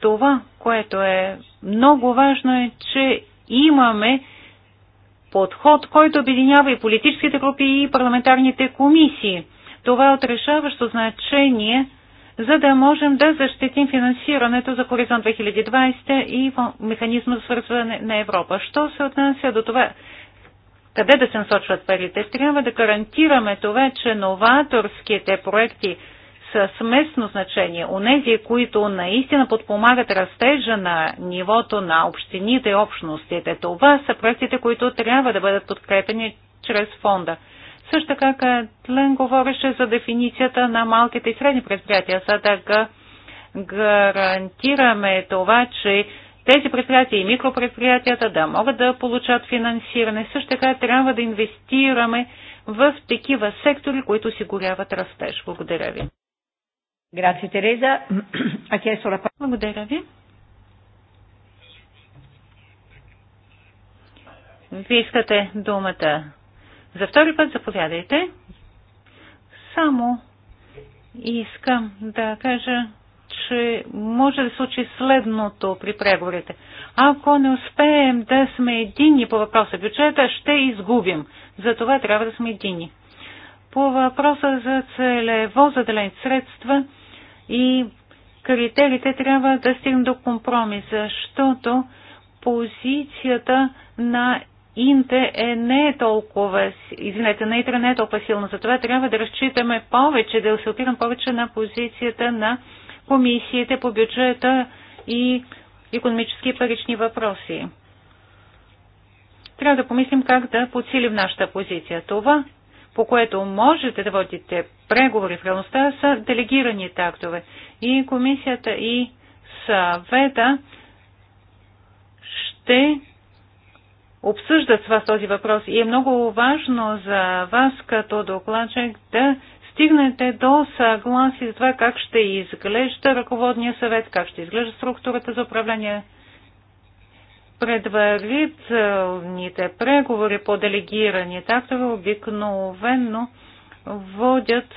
Това, което е много важно е, че имаме подход, който обединява и политическите групи, и парламентарните комисии. Това е отрешаващо значение, за да можем да защитим финансирането за Хоризонт 2020 и механизма за свързване на Европа. Що се отнася до това, къде да се насочват парите? Трябва да гарантираме това, че новаторските проекти – с местно значение. унези, които наистина подпомагат растежа на нивото на общините и общностите. Това са проектите, които трябва да бъдат подкрепени чрез фонда. Също така тлен говореше за дефиницията на малките и средни предприятия, за да гарантираме това, че тези предприятия и микропредприятията да могат да получат финансиране. Също така трябва да инвестираме в такива сектори, които осигуряват растеж. Благодаря ви. Грация, Тереза. <clears throat> Благодаря ви. Вие искате думата. За втори път заповядайте. Само искам да кажа, че може да случи следното при преговорите. Ако не успеем да сме единни по въпроса бюджета, ще изгубим. За това трябва да сме единни. По въпроса за целево заделени средства – и критериите трябва да стигнат до компромис, защото позицията на Инте е не е толкова, извинете, на Итра не е толкова силна. Затова трябва да разчитаме повече, да се опирам повече на позицията на комисиите по бюджета и економически и парични въпроси. Трябва да помислим как да подсилим нашата позиция. Това по което можете да водите преговори в реалността, са делегираните актове. И комисията и съвета ще обсъждат с вас този въпрос. И е много важно за вас като докладчик да стигнете до съгласие за това как ще изглежда ръководния съвет, как ще изглежда структурата за управление предварителните преговори по делегиране тактове обикновено водят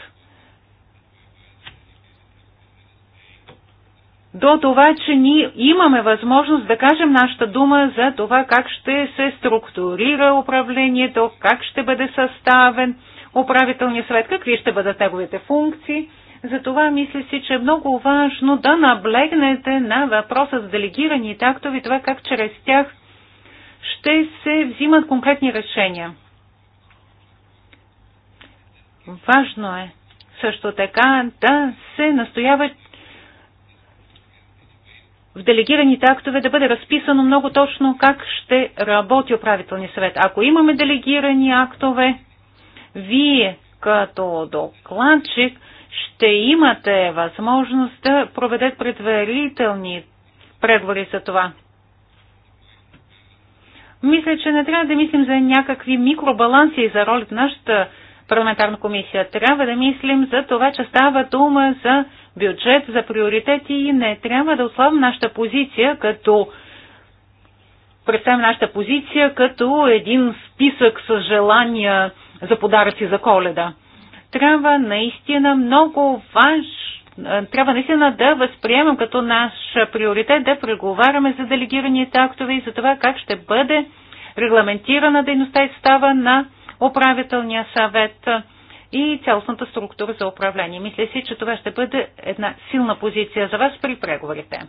до това, че ние имаме възможност да кажем нашата дума за това как ще се структурира управлението, как ще бъде съставен управителният съвет, какви ще бъдат неговите функции – затова мисля си, че е много важно да наблегнете на въпроса с делегираните тактови, това как чрез тях ще се взимат конкретни решения. Важно е също така да се настоява в делегираните актове да бъде разписано много точно как ще работи управителния съвет. Ако имаме делегирани актове, вие като докладчик ще имате възможност да проведете предварителни преговори за това. Мисля, че не трябва да мислим за някакви микробаланси и за ролята на нашата парламентарна комисия. Трябва да мислим за това, че става дума за бюджет, за приоритети и не трябва да ослабим нашата позиция като представим нашата позиция като един списък с желания за подаръци за коледа трябва наистина много важ, трябва наистина да възприемам като наш приоритет да преговаряме за делегираните актове и за това как ще бъде регламентирана дейността и става на управителния съвет и цялостната структура за управление. Мисля си, че това ще бъде една силна позиция за вас при преговорите.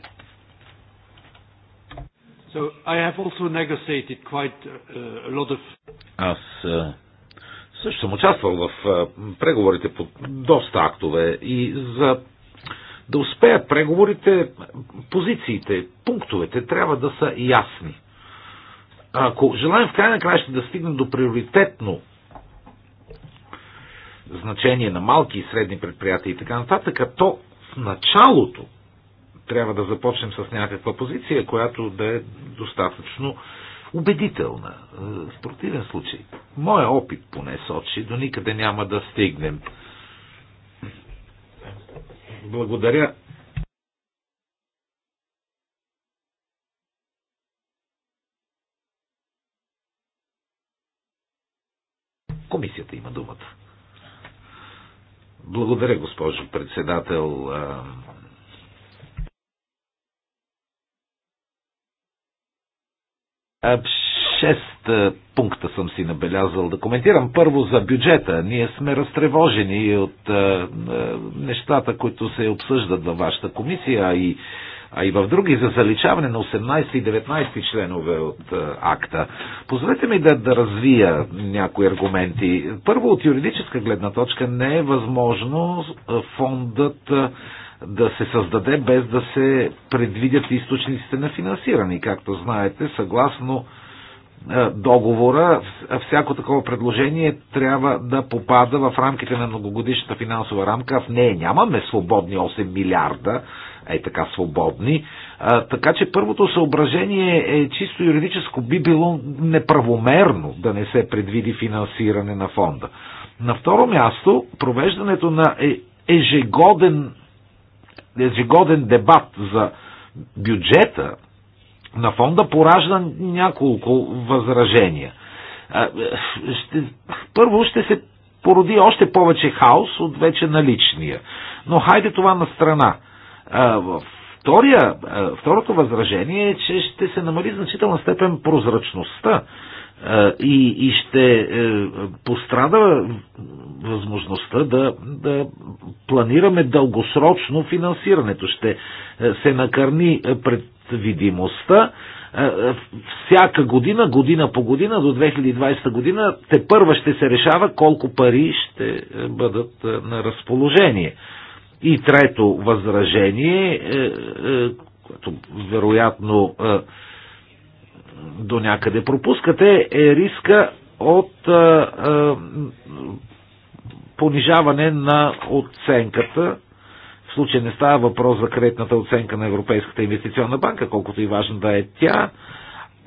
So I have also negotiated quite uh, a lot of... Аз също съм участвал в преговорите по доста актове и за да успеят преговорите, позициите, пунктовете трябва да са ясни. Ако желаем в край на края ще да стигнем до приоритетно значение на малки и средни предприятия и така нататък, то в началото трябва да започнем с някаква позиция, която да е достатъчно убедителна. Е, в противен случай, моя опит поне сочи, до никъде няма да стигнем. Благодаря Комисията има думата. Благодаря, госпожо председател. Е, Е, шест е, пункта съм си набелязал да коментирам. Първо за бюджета. Ние сме разтревожени от е, нещата, които се обсъждат във вашата комисия и а и в други за заличаване на 18 и 19 членове от акта. Позволете ми да, да развия някои аргументи. Първо, от юридическа гледна точка не е възможно фондът да се създаде без да се предвидят източниците на финансиране. както знаете, съгласно е, договора, всяко такова предложение трябва да попада в рамките на многогодишната финансова рамка. В нея нямаме свободни 8 милиарда, е така свободни. А, е, така че първото съображение е чисто юридическо би било неправомерно да не се предвиди финансиране на фонда. На второ място, провеждането на е-, ежегоден ежегоден дебат за бюджета на фонда поражда няколко възражения. Е, ще, първо ще се породи още повече хаос от вече наличния. Но хайде това на страна. Втория, второто възражение е, че ще се намали значителна степен прозрачността и, и ще е, пострада възможността да, да планираме дългосрочно финансирането. Ще е, се накърни е, предвидимостта. Е, всяка година, година по година, до 2020 година, те първа ще се решава колко пари ще бъдат на разположение. И трето възражение, което вероятно до някъде пропускате, е риска от понижаване на оценката. В случай не става въпрос за кредитната оценка на Европейската инвестиционна банка, колкото и важна да е тя,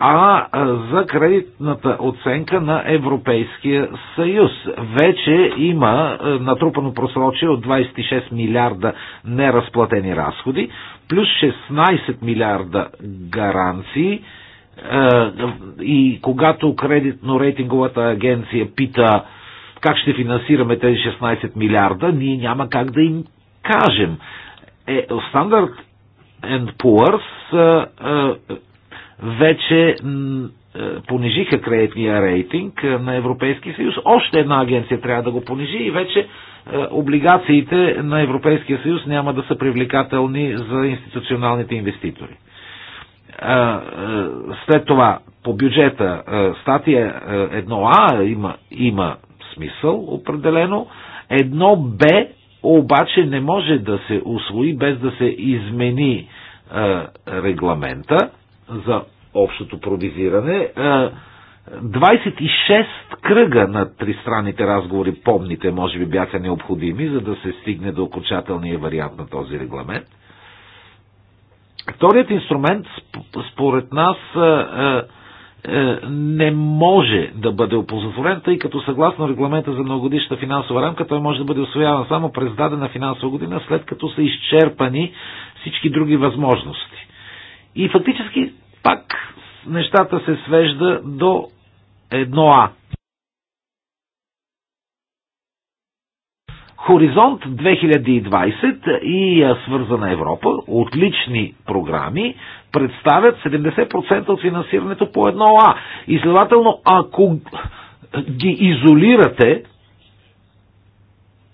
а за кредитната оценка на Европейския съюз. Вече има е, натрупано просрочие от 26 милиарда неразплатени разходи, плюс 16 милиарда гаранции. Е, и когато кредитно-рейтинговата агенция пита как ще финансираме тези 16 милиарда, ние няма как да им кажем. Е, Standard Poor's а, а, вече понижиха кредитния рейтинг на Европейския съюз. Още една агенция трябва да го понижи и вече облигациите на Европейския съюз няма да са привлекателни за институционалните инвеститори. След това по бюджета статия 1А има, има смисъл, определено. Едно Б обаче не може да се освои без да се измени а, е, регламента за общото провизиране. Е, а, 26 кръга на тристранните разговори, помните, може би бяха необходими, за да се стигне до окончателния вариант на този регламент. Вторият инструмент, според нас, а, е, е, не може да бъде опозотворен, тъй като съгласно регламента за многогодишна финансова рамка той може да бъде освояван само през дадена финансова година, след като са изчерпани всички други възможности. И фактически пак нещата се свежда до едно А. Хоризонт 2020 и свързана Европа, отлични програми, представят 70% от финансирането по едно а И следователно, ако ги изолирате,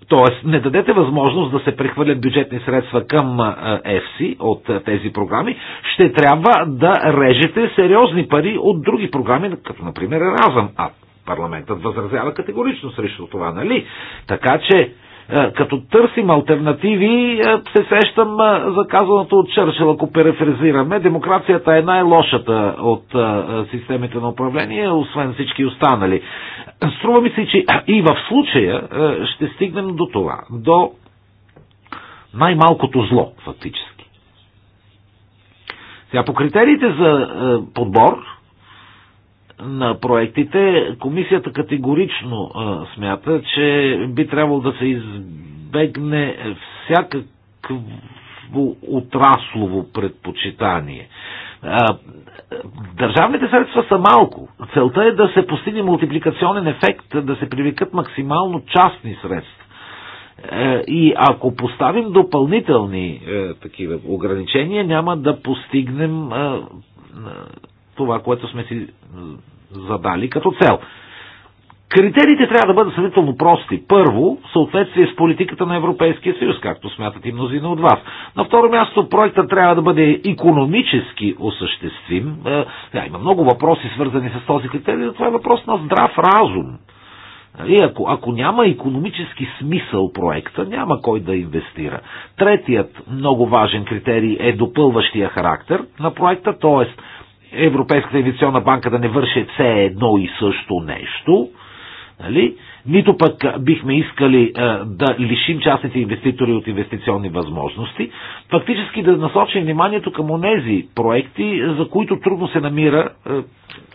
т.е. не дадете възможност да се прехвърлят бюджетни средства към ЕФСИ от тези програми, ще трябва да режете сериозни пари от други програми, като например Еразъм. А парламентът възразява категорично срещу това, нали? Така че е, като търсим альтернативи, е, се сещам е, за казаното от Чърчил, ако перефразираме. Демокрацията е най-лошата от системите на управление, освен всички останали. Струва ми се, че и в случая ще стигнем до това, до най-малкото зло, фактически. Сега по критериите за подбор на проектите, комисията категорично смята, че би трябвало да се избегне всякакво отраслово предпочитание. Държавните средства са малко. Целта е да се постигне мултипликационен ефект, да се привикат максимално частни средства. Е, и ако поставим допълнителни е, такива ограничения, няма да постигнем е, това, което сме си задали като цел. Критериите трябва да бъдат сравнително прости. Първо, в съответствие с политиката на Европейския съюз, както смятат и мнозина от вас. На второ място, проекта трябва да бъде економически осъществим. Е, има много въпроси, свързани с този критерий, но това е въпрос на здрав разум. И нали, ако, ако няма економически смисъл проекта, няма кой да инвестира. Третият много важен критерий е допълващия характер на проекта, т.е. Европейската инвестиционна банка да не върши все едно и също нещо, нали? нито пък бихме искали е, да лишим частните инвеститори от инвестиционни възможности, фактически да насочим вниманието към онези проекти, за които трудно се намира е,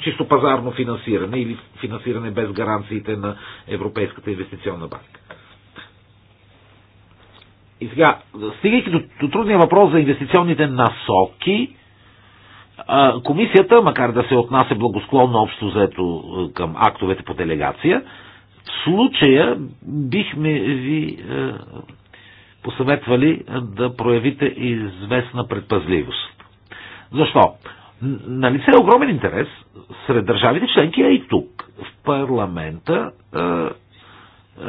чисто пазарно финансиране или финансиране без гаранциите на Европейската инвестиционна банка. И сега, стигайки до, до трудния въпрос за инвестиционните насоки, комисията, макар да се отнася благосклонно общо заето е, към актовете по делегация, в случая бихме ви е, посъветвали е, да проявите известна предпазливост. Защо? се е огромен интерес сред държавите членки, а и тук, в парламента,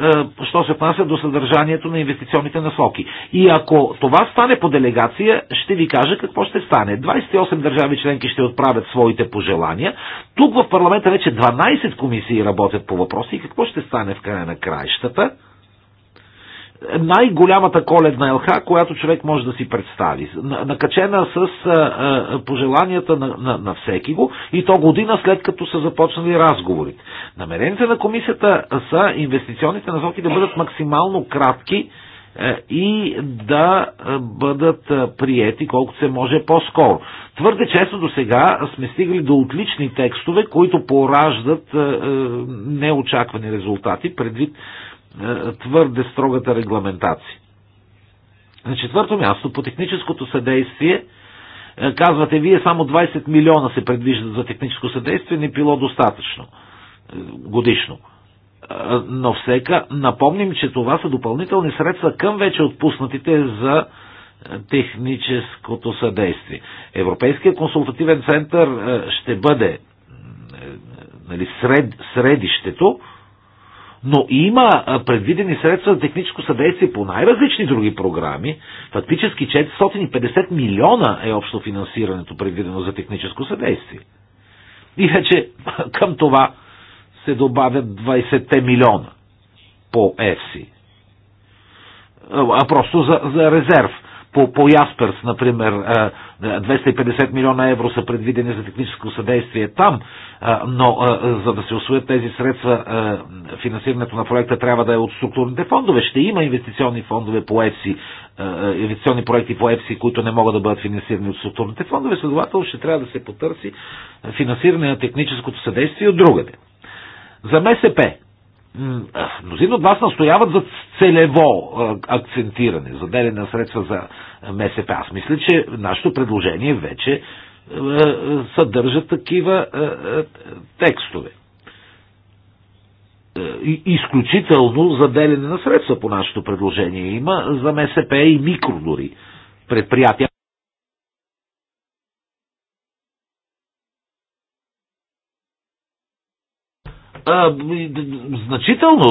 е, що се отнася до съдържанието на инвестиционните насоки. И ако това стане по делегация, ще ви кажа какво ще стане. 28 държави членки ще отправят своите пожелания. Тук в парламента вече 12 комисии работят по въпроси и какво ще стане в края на краищата най-голямата коледна елха, която човек може да си представи. Накачена с пожеланията на, на, на всеки го и то година след като са започнали разговорите. Намерените на комисията са инвестиционните насоки да бъдат максимално кратки е, и да е, бъдат е, приети колкото се може по-скоро. Твърде често до сега сме стигали до отлични текстове, които пораждат неочаквани резултати предвид е, е, твърде строгата регламентация. На четвърто място, по техническото съдействие, е, казвате, вие само 20 милиона се предвиждат за техническо съдействие, не било достатъчно годишно. Но всека напомним, че това са допълнителни средства към вече отпуснатите за техническото съдействие. Европейския консултативен център ще бъде нали, сред, средището, но има предвидени средства за техническо съдействие по най-различни други програми. Фактически 450 милиона е общо финансирането предвидено за техническо съдействие. И вече <laughs> към това се добавят 20 милиона по ЕФСИ. А просто за, за резерв. По, по Ясперс, например, 250 милиона евро са предвидени за техническо съдействие там, но за да се освоят тези средства, финансирането на проекта трябва да е от структурните фондове. Ще има инвестиционни фондове по ЕФСИ, инвестиционни проекти по ЕФСИ, които не могат да бъдат финансирани от структурните фондове, следователно ще трябва да се потърси финансиране на техническото съдействие от другаде. За МСП мнозина от вас настояват за целево акцентиране, за делене на средства за МСП. Аз мисля, че нашето предложение вече съдържа такива текстове. Изключително заделяне на средства по нашето предложение има за МСП и микро дори предприятия. значително.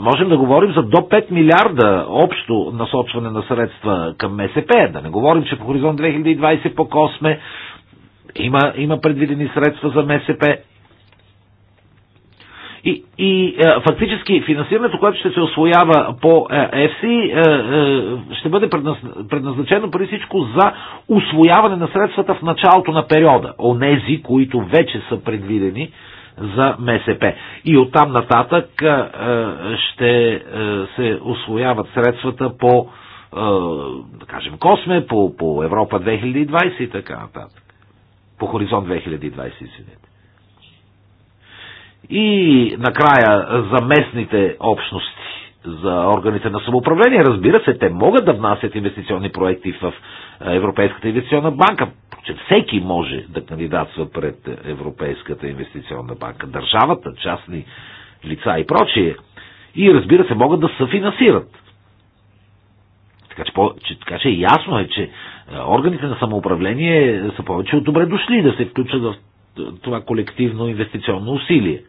Можем да говорим за до 5 милиарда общо насочване на средства към МСП. Да не говорим, че по Хоризонт 2020 по Косме има, има предвидени средства за МСП. И, и а, фактически финансирането, което ще се освоява по ЕФСИ, ще бъде предназначено преди всичко за освояване на средствата в началото на периода. Онези, които вече са предвидени за МСП. И оттам нататък е, е, ще е, се освояват средствата по да кажем Косме, по, по Европа 2020 и така нататък. По Хоризонт 2020, извинете. И накрая за местните общности за органите на самоуправление. Разбира се, те могат да внасят инвестиционни проекти в Европейската инвестиционна банка че всеки може да кандидатства пред Европейската инвестиционна банка, държавата, частни лица и прочие. И разбира се, могат да съфинансират. Така че, че, така че е ясно е, че е, органите на самоуправление са повече от добре дошли да се включат в това колективно инвестиционно усилие.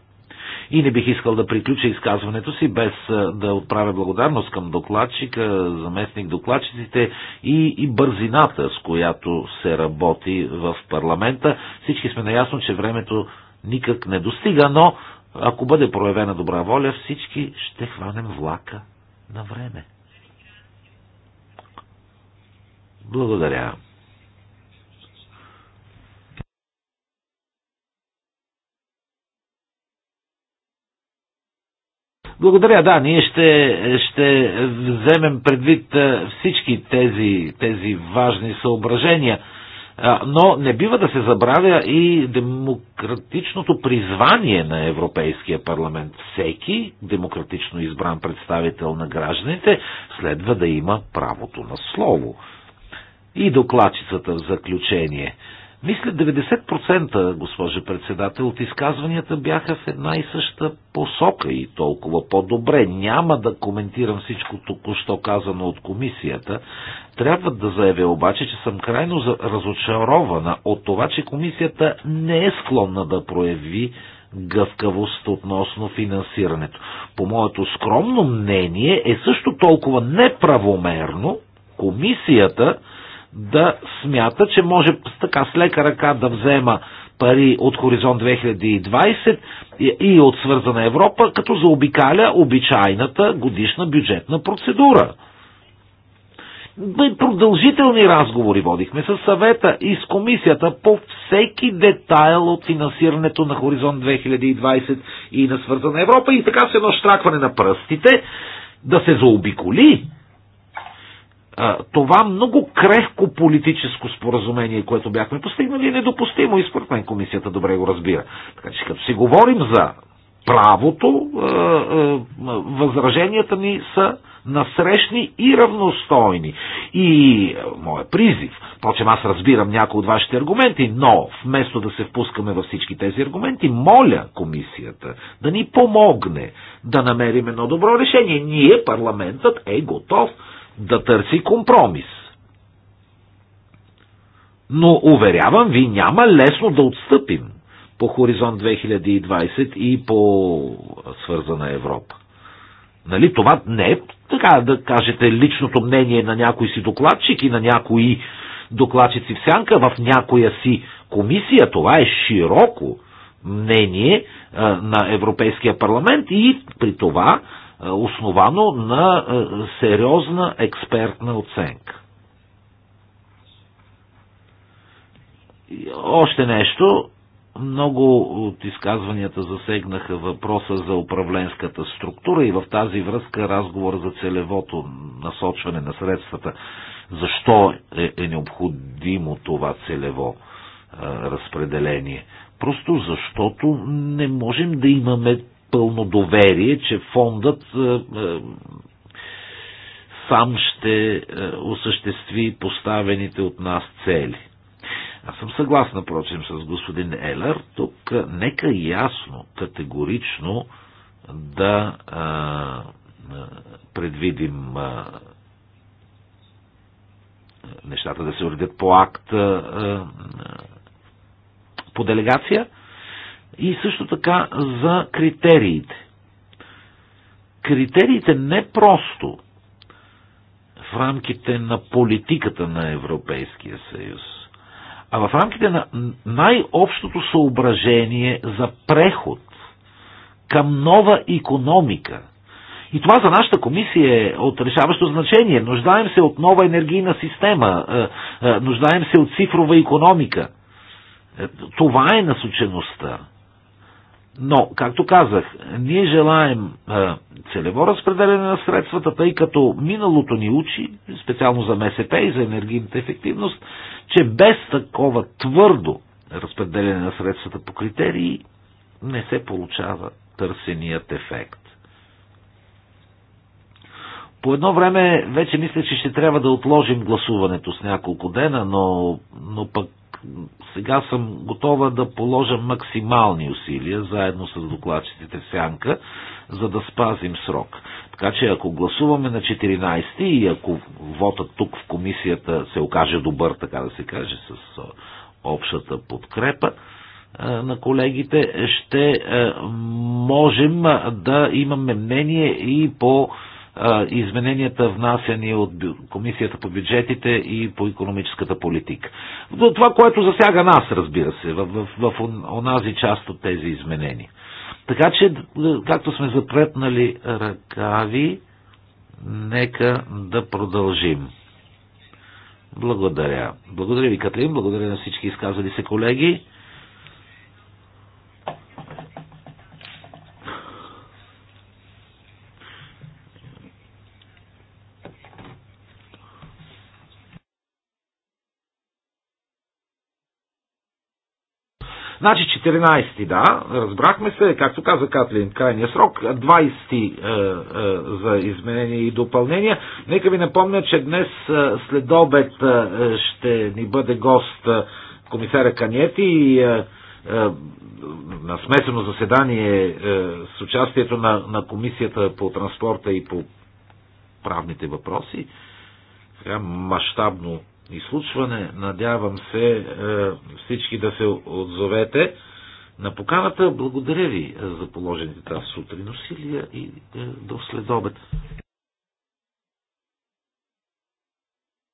И не бих искал да приключа изказването си без да отправя благодарност към докладчика, заместник докладчиците и, и бързината, с която се работи в парламента. Всички сме наясно, че времето никак не достига, но ако бъде проявена добра воля, всички ще хванем влака на време. Благодаря. Благодаря, да, ние ще, ще вземем предвид всички тези, тези важни съображения, но не бива да се забравя и демократичното призвание на Европейския парламент. Всеки демократично избран представител на гражданите следва да има правото на слово. И докладчицата в заключение – мисля, 90%, госпожа председател, от изказванията бяха в една и съща посока и толкова по-добре. Няма да коментирам всичко току-що казано от комисията. Трябва да заявя обаче, че съм крайно разочарована от това, че комисията не е склонна да прояви гъвкавост относно финансирането. По моето скромно мнение е също толкова неправомерно комисията да смята, че може така с лека ръка да взема пари от Хоризонт 2020 и от Свързана Европа, като заобикаля обичайната годишна бюджетна процедура. Продължителни разговори водихме с съвета и с комисията по всеки детайл от финансирането на Хоризонт 2020 и на Свързана Европа и така с едно штракване на пръстите да се заобиколи това много крехко политическо споразумение, което бяхме постигнали, е недопустимо и според мен комисията добре го разбира. Така че като си говорим за правото, възраженията ни са насрещни и равностойни. И моят призив, почем аз разбирам някои от вашите аргументи, но вместо да се впускаме във всички тези аргументи, моля комисията да ни помогне да намерим едно добро решение. Ние, парламентът, е готов да търси компромис. Но, уверявам ви, няма лесно да отстъпим по Хоризонт 2020 и по свързана Европа. Нали, това не е, така да кажете, личното мнение на някой си докладчик и на някои докладчици в сянка в някоя си комисия. Това е широко мнение а, на Европейския парламент и при това е, основано на е, сериозна експертна оценка. И още нещо, много от изказванията засегнаха въпроса за управленската структура и в тази връзка разговор за целевото насочване на средствата. Защо е, е необходимо това целево а, е, разпределение? Просто защото не можем да имаме пълно доверие, че фондът е, е, сам ще е, осъществи поставените от нас цели. Аз съм съгласна, прочим, с господин Елер. Тук нека ясно, категорично да а, предвидим а, нещата да се уредят по акт а, а, по делегация и също така за критериите. Критериите не просто в рамките на политиката на Европейския съюз, а в рамките на най-общото съображение за преход към нова економика. И това за нашата комисия е от решаващо значение. Нуждаем се от нова енергийна система, е, е, нуждаем се от цифрова економика. Е, това е насочеността. Но, както казах, ние желаем целево разпределение на средствата, тъй като миналото ни учи, специално за МСП и за енергийната ефективност, че без такова твърдо разпределение на средствата по критерии не се получава търсеният ефект. По едно време вече мисля, че ще трябва да отложим гласуването с няколко дена, но, но пък сега съм готова да положа максимални усилия, заедно с докладчиците в Сянка, за да спазим срок. Така че ако гласуваме на 14 и ако вотът тук в комисията се окаже добър, така да се каже, с общата подкрепа на колегите, ще можем да имаме мнение и по измененията внасени от Комисията по бюджетите и по економическата политика. Това, което засяга нас, разбира се, в, в, в онази част от тези изменения. Така че, както сме запретнали ръкави, нека да продължим. Благодаря. Благодаря ви, Катрин. Благодаря на всички изказали се колеги. Значи 14 да, разбрахме се, както каза Катлин, крайния срок, 20 е, е, за изменения и допълнения. Нека ви напомня, че днес е, след обед е, ще ни бъде гост е, комисаря Каниети и е, е на смесено заседание е, с участието на, на Комисията по транспорта и по правните въпроси. Сега мащабно изслушване. Надявам се е, всички да се отзовете на поканата. Благодаря ви за положените тази сутрин усилия и е, до следобед.